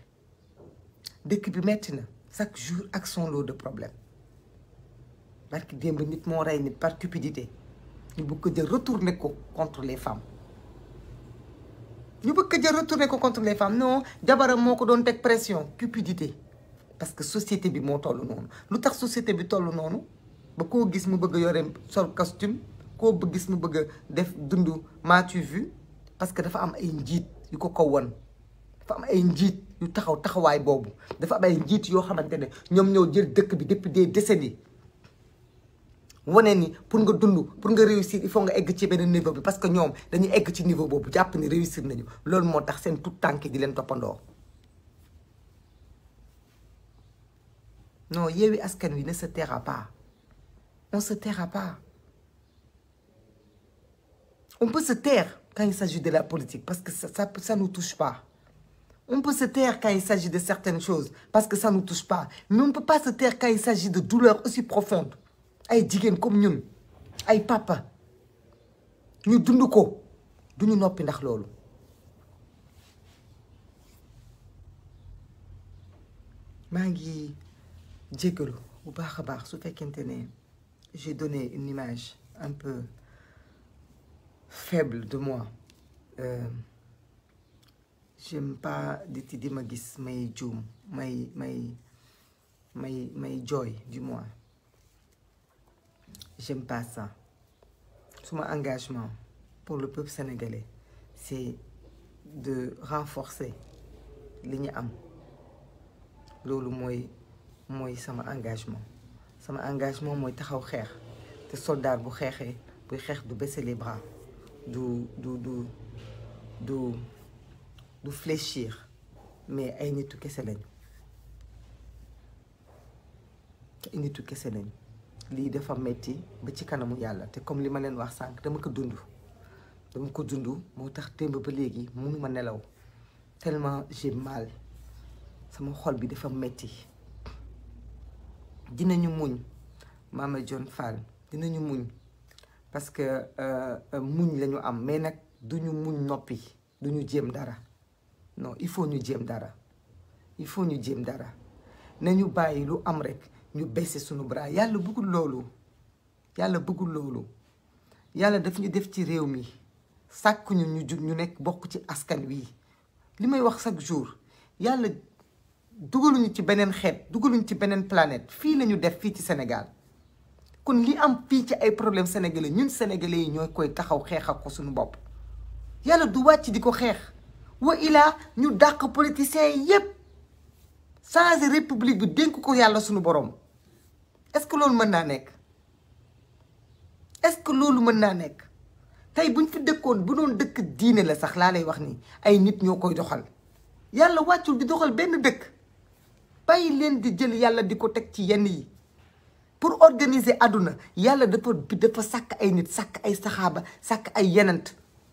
dëkk bi metti na chaque jour ak son lot de problèmes barki démb nit moo rey nit par cupidité ñu bëgg ko jël retourner ko contre les femmes ñu bëgg ko jël retourner ko contre les femmes jabaram moo ko doon teg pression cupidité parce que société bi moo toll noonu lu tax société bi toll noonu ba koo gis mu bëgg a yore sol costume koo gis mu bëgg a def dund m'as-tu parce que dafa am ay njiit yu ko ko won dafa am ay njiit yu taxaw taxawaay boobu dafa am ay njiit yoo xamante ne ñoom ñoo jël dëkk bi depuis des décennies wane ni pour nga dund pour nga réussir il faut nga egg ci benn niveau bi parce que ñoom dañuy egg ci niveau boobu jàpp ni réussir nañu loolu moo tax seen tout tànk di leen toppandoo non Yewwi Askan Wi ne se taira pas on se taira pas on peut se taire quand il s'agit de la politique parce que ça ça ça nous touche pas on peut se taire quand il s'agit de certaines choses parce que ça nous touche pas mais on ne peut pas se taire quand il s'agit de douleurs aussi profondes ay jigéen comme ñun ay papa ñu dund ko du ñu noppi ndax loolu maa ngi jégalu bu baax a baax su fekkente ne j'ai donné une image un peu faible de moi euh, j'aime pas di di ma gis may juum may may may may jooy du moins j'aime pas ça suma engagement pour le peuple sénégalais c'est de renforcer li ñu am loolu mooy mooy sama engagement sama engagement mooy taxaw xeex te soldat bu xeexee buy xeex du baisser les bras du du du du du fléchir mais ay nitu kese lañu ay nitu kese lañu lii dafa metti ba ci kanamu yàlla te comme li ma leen wax sànq dama ko dund dama ko dund moo tax démb ba léegi mënu ma nelaw tellement j'ai mal sama xol bi dafa metti dinañu muñ Mama John Fall dinañu muñ parce que euh, euh, muñ lañu am mais nag duñu muñ noppi duñu jéem dara non il faut ñu jéem dara il faut ñu jëm dara nañu bàyyi lu am rek ñu baissé sunu bras yàlla bëggul loolu yàlla bëggul loolu yàlla daf ñu def ci réew mi sàkku ñu ñu jur ñu nekk bokk ci askan wi li may wax chaque jour yàlla dugaluñu ci beneen xeet dugaluñu ci beneen planète fii lañu def fii ci Sénégal kon li am fii ci ay problème sénégalais ñun sénégalais yi ñooy koy taxaw xeexak ko suñu bopp yàlla du wàcc di ko xeex wa ilaa ñu dàq politiciens yépp changer république bi dénk ko yàlla suñu borom est-ce que loolu mën naa nekk est-ce que loolu mën naa nekk tey buñ fi dëkkoon bu doon dëkk diine la sax laa lay wax nii ay nit ñoo koy doxal yàlla wàccul di doxal benn dëkk bàyyi leen di jël yàlla di ko teg ci yenn yi pour organiser àdduna yàlla dafa dafa sàkk ay nit sàkk ay saxaaba sàkk ay yenant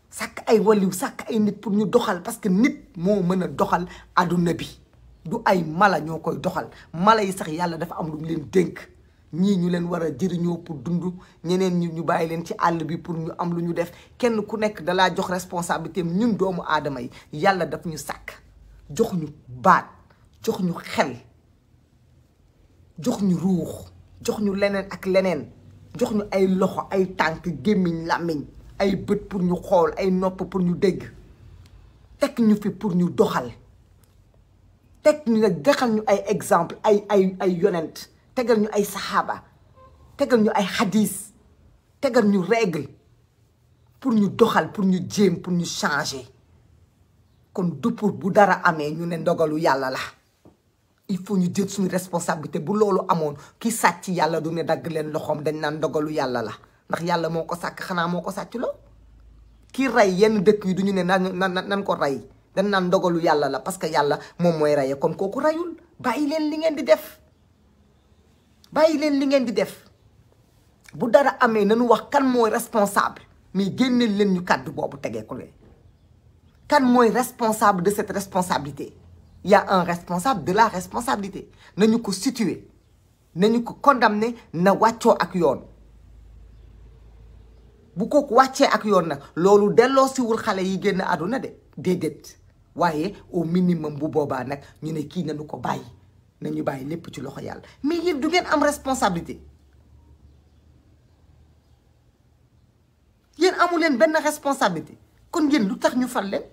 sàkk ay waliw sàkk ay nit pour ñu doxal parce que nit moo mën a doxal àdduna bi du ay mala ñoo koy doxal mala yi sax yàlla dafa am lu mu leen dénk ñii ñu leen war a jëriñoo pour dund ñeneen ñi ñu bàyyi leen ci àll bi pour ñu am lu ñu def kenn ku nekk dalaa jox responsabilité ñun doomu aadama yi yàlla daf ñu sàkk jox ñu baat jox ñu xel jox ñu ruux jox ñu leneen ak leneen jox ñu ay loxo ay tànk gémmiñ làmmiñ ay bët pour ñu xool ay nopp pour ñu dégg teg ñu fi pour ñu doxal teg ñu nag gaxal ñu ay exemple ay ay ay yonent tegal ñu ay saxaaba tegal ñu ay xadis tegal ñu règle pour ñu doxal pour ñu jéem pour ñu changer kon du pour bu dara amee ñu ne ndogalu yàlla la il faut ñu jël suñu responsabilité bu loolu amoon ki sàcc yàlla du ne dagg leen loxoom dañ naan ndogalu yàlla la ndax yàlla moo ko sàkk xanaa moo ko sàcc loo ki rey yenn dëkk yi du ñu ne nan nan ko ray dañ naan ndogalu yàlla la parce que yàlla moom mooy reye kon kooku reyul bàyyi leen li ngeen di def bàyyi leen li ngeen di def bu dara amee nañu wax kan mooy responsable mais génne leen ñu kàddu boobu tegee ko leen kan mooy responsable de cette responsabilité y a un responsable de la responsabilité nañu ko situer nañu ko condamné na wàccoo ak yoon bu ko wàccee ak yoon nag loolu delloo siwul xale yi génn àdduna de déedéet waaye au minimum bu boobaa nag ñu ne kii nañu ko bàyyi ñu bàyyi lépp ci loxo yàlla mais yéen du ngeen am responsabilité yéen amu leen benn responsabilité kon yéen lu tax ñu fal leen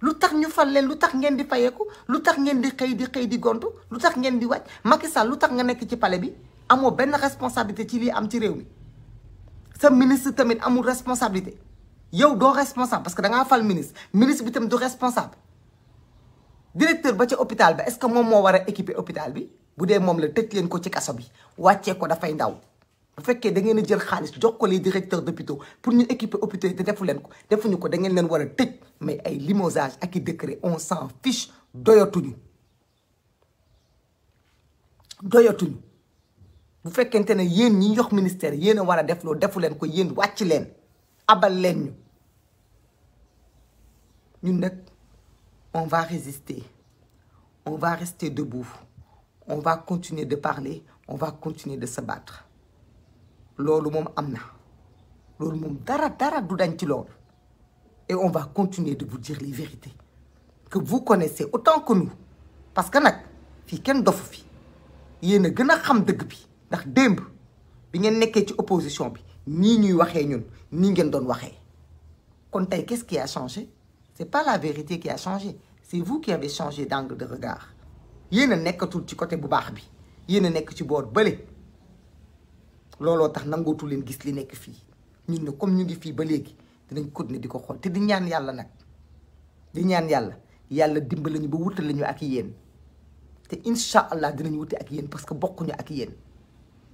lu tax ñu fal leen lu tax ngeen di fayeeku lu tax ngeen di xëy di xëy di gontu lu tax ngeen di wàcc Macky Sall lu tax nga nekk ci pale bi amoo benn responsabilité ci lii am ci réew mi sa ministre tamit amul responsabilité yow doo responsable parce que da ngaa fal ministre ministre bi tam du responsable. directeur ba ca hôpital ba est-ce que moom moo war a équiper hôpital bi bu dee moom la tëj leen ko ci kaso bi wàccee ko dafay ndaw bu fekkee da ngeen a jël xaalis jox ko les directeurs d'hôpitaux pour ñu équiper hôpitaux yi te defu leen ko defuñu ko da ngeen leen war a tëj mais ay limogeage ak i décret on s'en fiche doyatuñu doyatuñu bu fekkente ne yéen ñi jox ministère yéen a war a def loolu defu leen ko yéen wàcc leen abal leen ñu ñun nag on va résister. On va rester debout. On va continuer de parler. On va continuer de se battre. loolu moom am na loolu moom dara dara du dañ ci loolu et on va continuer de vous dire les vérités que vous connaissez autant que nous parce que nag fi kenn dofu fi yéen a gën a xam dëgg bi ndax démb bi ngeen nekkee ci opposition bi nii ñuy waxee ñun nii ngeen doon waxee kon tey qu'est-ce qui a changé c'est pas la vérité qui a changé c'est vous qui avez changé d'angle de regard yéen a nekkatul ci côté bu baax bi yéen a nekk ci boor bële looloo tax nangootu leen gis li nekk fii ñun ne comme ñu ngi fii ba léegi dinañ continuer di ko xool te di ñaan yàlla nag di ñaan yàlla yàlla dimbali ñu ba wutale ñu ak yéen te incha allah dinañ wuti ak yéen parce que bokkuñu ak yéen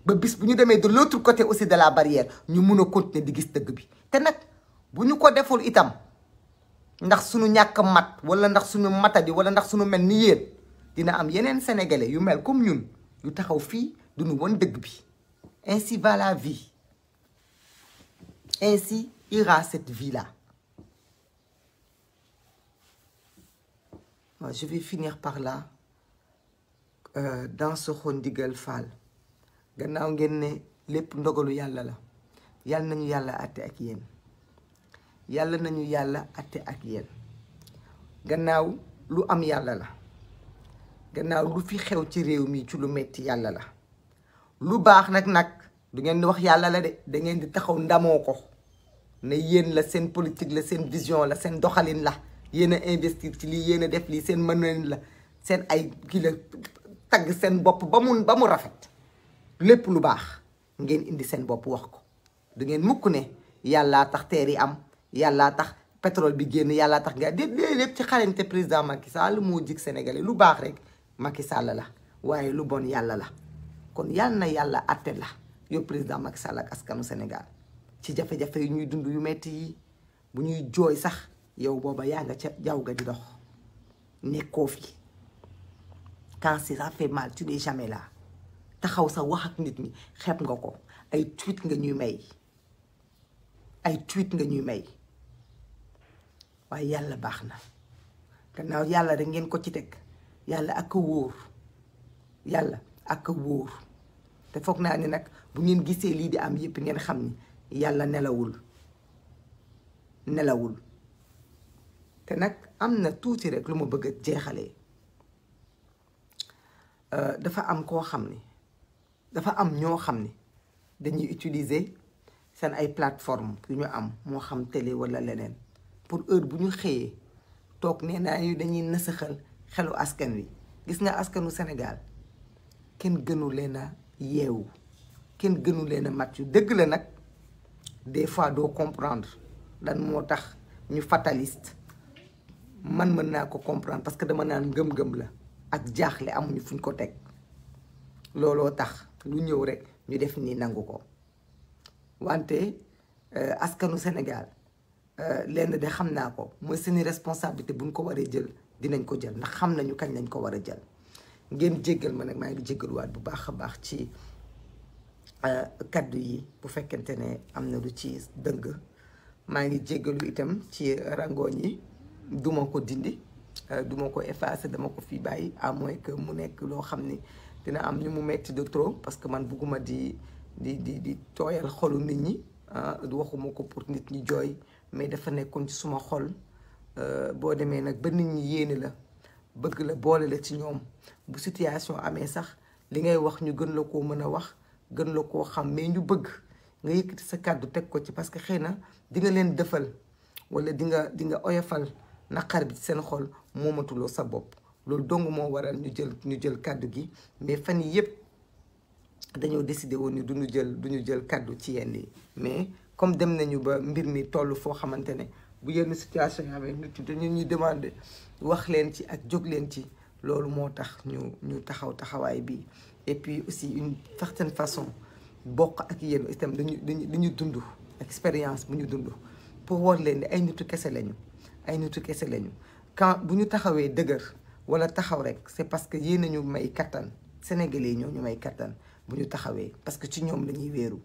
ba bis bu ñu demee de l'autre côté aussi de la barrière ñu mun a continuer di gis dëgg bi te bu ñu ko deful itam. ndax suñu ñàkk mat wala ndax suñu di wala ndax suñu mel ni yéen dina am yeneen sénégalais yu mel comme ñun yu taxaw fii duñu woon dëgg bi ainsi va la vie ainsi ira cette vie là moi je vais finir par là euh, dans Sokho Ndigal Fall gannaaw ngeen ne lépp ndogalu yàlla la yàlla nañu yàlla àtte ak yéen yàlla nañu yàlla atte ak yéen gannaaw lu am yàlla la gannaaw lu fi xew ci réew mi ci lu metti yàlla la lu baax nag nag du ngeen di wax yàlla la de da ngeen di taxaw ndamoo ko ne yéen la seen politique la seen vision la seen doxalin la yéen a investir ci lii yéen a def lii seen mënoon la seen ay kii tagg seen bopp ba mu ba mu rafet lépp lu baax ngeen indi seen bopp wax ko dangeen mukk ne yàllaa tax teer yi am yàllaa tax pétrole bi génn yàllaa tax nga dé lépp ci xarañte président Macky Sall moo jig Sénégalais lu baax rek Macky Sall la waaye lu bon yàlla la kon yàlla na yàlla atte la yow président Macky Sall ak askanu Sénégal ci jafe-jafe yi ñuy dund yu metti yi bu ñuy jooy sax yow booba yaa nga ca jaww ga di dox nekkoo fi quand ça fait mal tu n'es taxaw sa wax ak nit ñi xeeb nga ko ay tweet nga ñuy may ay tweet nga ñuy may waaye yàlla baax na gannaaw yàlla da ngeen ko ci teg yàlla ak a wóor yàlla ak wóor te foog naa ni nag bu ngeen gisee lii di am yépp ngeen xam ni yàlla nelawul nelawul te nag am na tuuti rek lu ma bëgg a jeexalee euh, dafa am koo xam ni dafa am ñoo xam ni dañuy utiliser seen ay plateforme yu ñu am moo xam télé walla leneen pour heure bu ñu xëyee toog nee naa yu dañuy nasaxal xelu askan wi gis nga askanu senegal kenn gënu leen a yeewu kenn gënu leen a mat yu dëgg la nag des fois doo comprendre dan moo tax ñu fataliste man mën naa ko comprendre parce que dama naan ngëm-ngëm la ak jaaxle fu fuñ ko teg looloo tax lu ñëw rek ñu def nii nangu ko wante euh, askanu Sénégal Euh, lenn de xam naa ko mooy seeni responsabilité buñ ko waree jël dinañ ko jël ndax xam nañu kañ lañ ko war a jël ngeen jéggal ma nag maa ngi jéggaluwaat bu baax a baax ci euh, kaddu yi bu fekkente ne am na ci dëng maa ngi jéggalu itam ci rangooñ yi duma ko dindi euh, duma ko effacer dama ko fi bàyyi à moins que mu nekk loo xam ni dina am ñu mu metti de trop parce que man bugguma di di di di tooyal xolu nit ñi du waxuma ko pour nit ñi jooy mais dafa nekkoon ci suma xol euh, boo demee nag ba nit ñi yéene la bëgg la boole la ci ñoom bu situation amee sax li ngay wax ñu gën la koo mën a wax gën la koo xam mais ñu bëgg nga yëkkati sa kàddu teg ko ci parce que xëy na di nga leen dëfal wala di nga di nga oyofal naqar bi ci seen xol moomatuloo sa bopp loolu dong moo waral ñu jël ñu jël kàddu gi mais fan yii yëpp dañoo décidé woon ni duñu jël duñu jël kàddu ci yenn yi mais comme dem nañu ba mbir mi toll foo xamante ne bu yenn situation yi amee nit dañu ñuy demander wax leen ci ak jóg leen ci loolu moo tax ñu ñu taxaw taxawaay bi et puis aussi une certaine façon bokk ak yéen itam dañu dañu dañu dundu expérience bu ñu dund pour war leen ne ay nitu kese lañu ay nitu kese lañu quand bu ñu taxawee dëgër wala taxaw rek c'est parce que yéen ñu may kattan sénégalais ñoo ñu may kattan bu ñu taxawee parce que ci ñoom la ñuy wéeru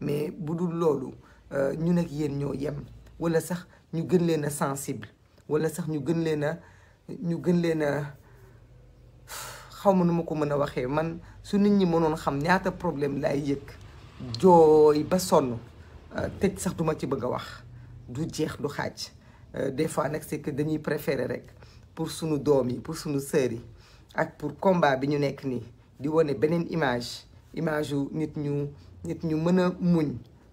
mais bu dul loolu. Euh, ñu nekk yéen ñoo yem wala sax ñu gën leen a sensible wala sax ñu gën leen a ñu gën leen a xaw ma nu ma ko mën a waxee man su nit ñi mënoon xam ñaata problème laay yëg jooy ba sonn euh, tëj sax duma ci bëgg a wax du jeex du xaaj euh, des fois nag c'est que dañuy préférer rek pour sunu doom yi pour sunu sœur yi ak pour combat bi ñu nekk nii di wane beneen image image yu nit ñu nit ñu mën a muñ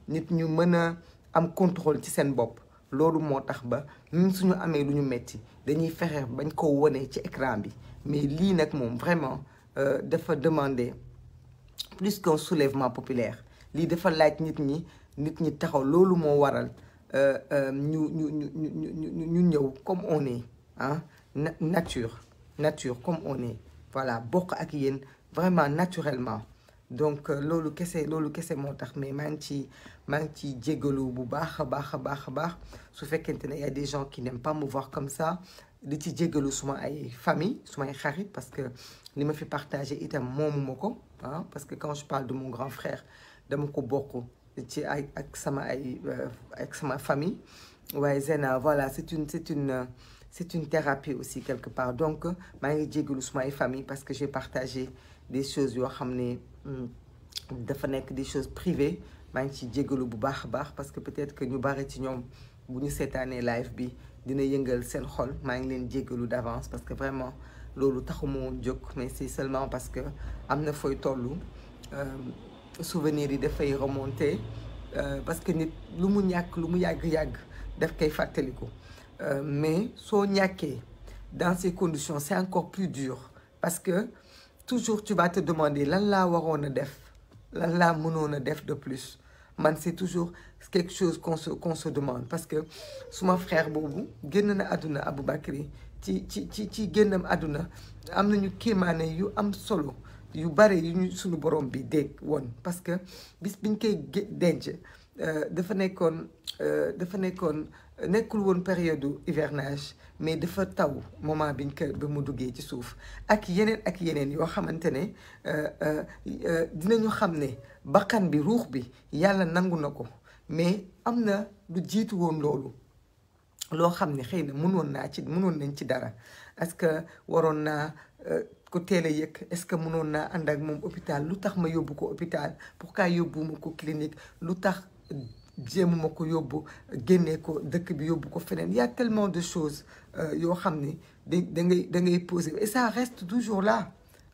nit ñu mën a am contrôle ci seen bopp loolu moo tax ba même suñu amee lu ñu metti dañuy fexe bañ ko wone ci écran bi mais lii nag moom vraiment euh, dafa demander plus qu'un soulèvement populaire lii dafa laaj nit ñi nit ñi taxaw loolu moo waral euh, euh, ñu ñu ñu ñu ñu ñëw comme on est ah nature nature comme on est voilà bokk ak yéen vraiment naturellement donc loolu kese loolu kese moo tax mais maa ngi ci maa ngi ciy jégalu bu baax a baax a baax a baax su fekkente ne y des gens qui n'aiment pas me voir comme ça di ci jégalu suma ay famille suma ay xarit parce que li ma fi partager itam moomu ma ko ah parce que quand je parle de mon grand frère dama ko bokk ci ay ak sama ay euh, ak sama famille waaye Zena voilà c'est une c'est une c'est une thérapie aussi quelque part donc maa ngi jégalu suma ay famille parce que j'ai partager des choses yoo xam ne hmm, dafa nekk des choses privées maa ngi ciy jégalu bu baax a baax parce que peut-être que ñu bari ci ñoom bu ñu seetaanee live bi dina yëngal seen xol maa ngi leen jégalu d'avance parce que vraiment loolu taxuma woon jóg mais si seulement parce que am na fooy tollu euh, souvenirs yi dafay remonter euh, parce que nit lu mu ñàkk lu mu yàgg-yàgg daf koy fàttaliku euh, mais soo ñàkkee dans ces condition c'est encore plus dur parce que toujours tu vas te demander lan laa waroon a def lan laa mënoon a def de plus man c'est toujours quelque chose qu'on se qu'on demande parce que suma frère boobu génn na àdduna Aboubacry ci ci ci ci génnam àdduna am nañu kéemaane yu am solo yu bare yu ñu suñu borom bi dégg woon parce que bis biñ koy denc euh, dafa nekkoon euh, dafa nekkoon nekkul woon période hivernage mais dafa taw moment biñ ko ba mu duggee ci suuf ak yeneen ak yeneen yoo xamante ne euh, euh, euh, dinañu xam ne bakkan bi ruux bi yàlla nangu na ko mais am na lu jiitu woon loolu loo xam ne xëy na mënoon naa ci mënoon nañ ci dara parce que waroon na ko teel a yëg est-ce que mënoon naa ànd moom hôpital lu tax ma yóbbu ko hôpital pourquoi yóbbuwuma ko clinique lu tax jéemuma ko yóbbu génnee ko dëkk bi yóbbu ko feneen y a tellement de choses euh, yoo xam ni da da ngay da ngay poser et ça reste toujours là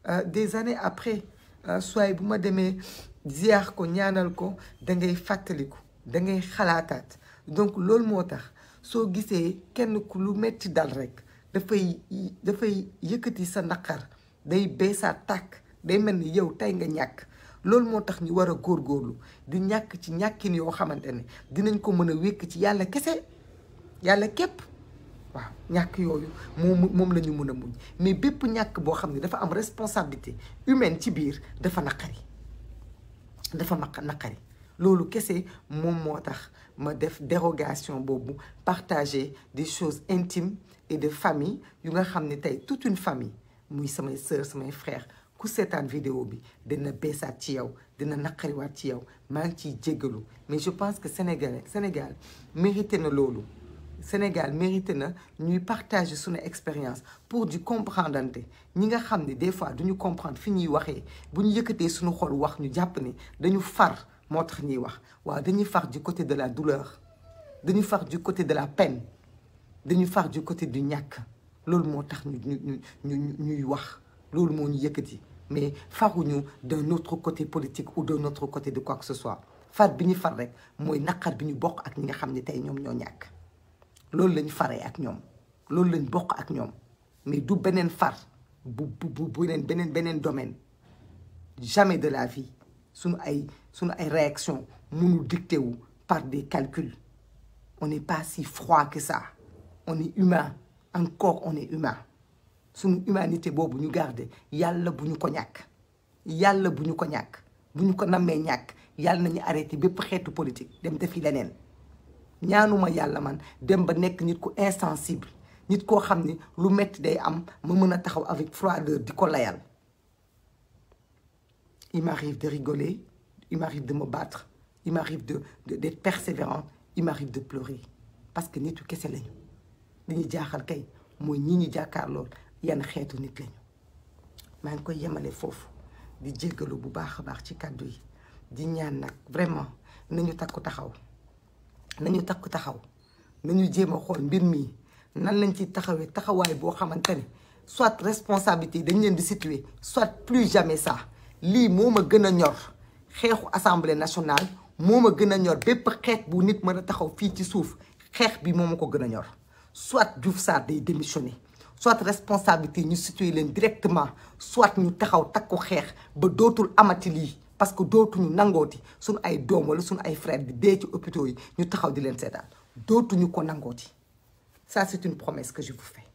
euh, des années après euh, soit bu ma demee ziar ko ñaanal ko da ngay fàttaliku da ngay xalaataat donc loolu moo tax soo gisee kenn ku lu metti dal rek dafay dafay yëkkati sa naqar day beesaat takk day mel ni yow tey nga ñàkk loolu moo tax ñu war a góor góorlu di ñàkk ci ñàkkin yoo xamante ne dinañ ko mën a wékk ci yàlla kese yàlla képp waaw ñàkk yooyu moom moom la ñu mën a muñ mais bépp ñàkk boo xam ne dafa am responsabilité humaine ci biir dafa naqari dafa naq naqari loolu kese moom moo tax ma def dérogation boobu partager des choses intimes et de famille yu nga xam ne tey tout une famille muy samay sœur samay frère ku seetaan vidéo bi dina beesaat ci yow dina naqariwaat ci yow maa ngi ciy jéggalu mais je pense que Sénégal Sénégal mérité na loolu Sénégal mérité na ñuy partager suñu expérience pour di comprendante ñi nga xam ne des fois ñu comprendre fi ñuy waxee bu ñu yëkkatee suñu xol wax ñu jàpp ni dañu far moo tax ñuy wax waaw dañuy far du côté de la douleur dañuy far du côté de la peine dañuy far du côté du ñàkk loolu moo tax ñu ñu ñu ñuy wax loolu moo ñu yëkkati mais ñu d'un autre côté politique ou d'un autre côté de quoi que ce soit far bi ñu far rek mooy naqar bi ñu bokk ak ñi nga xam ne tey ñoom ñoo ñàkk loolu lañ fare ak ñoom loolu lañ bokk ak ñoom mais du beneen far bu bu beneen beneen beneen domaine jamais de la vie suñu ay suñu ay réaction mënul dicté wu par des calculs on n'est pas si froid que ça on est humain encore on est humain suñu humanité boobu ñu garder yàlla bu ñu ko ñàkk yàlla bu ñu ko ñàkk bu ñu ko nammee ñàkk yàlla nañu arrêté bépp xeetu politique dem defi leneen ñaanuma yàlla man dem ba nekk nit ku insensible nit koo xam ne lu metti day am ma mën a taxaw avec froideur di ko layal il m'arrive de rigoler il m'arrive de me battre il m'arrive de d'être persévérant il de pleurer parce que nitu kese lañu li ñu jaaxal kay mooy ñi ñu jàkkaar lool yenn xeetu nit lañu maa ngi koy yemale foofu di jéggalu bu baax a baax ci kàddu yi di ñaan nag vraiment nañu takku taxaw nañu takku taxaw nañu jéem a xool mbir mii nan lañ ci taxawee taxawaay boo xamante ne soit responsabilité dañ leen di situer soit plus jamais ça lii moom a gën a ñor xeexu assemblée nationale moom a gën a ñor bépp xeet bu nit mën a taxaw fii ci suuf xeex bi moom ma ko gën a ñor soit Diouf Sarr day démissionner soit responsabilité ñu situé leen directement soit ñu taxaw takku xeex ba dootul amati lii parce que dootuñu nangooti suñu ay doom wala suñu ay frère bi dee ci hôpitaux yi ñu taxaw di leen seetaan dootuñu ko nangooti ça c'est une promesse que je vous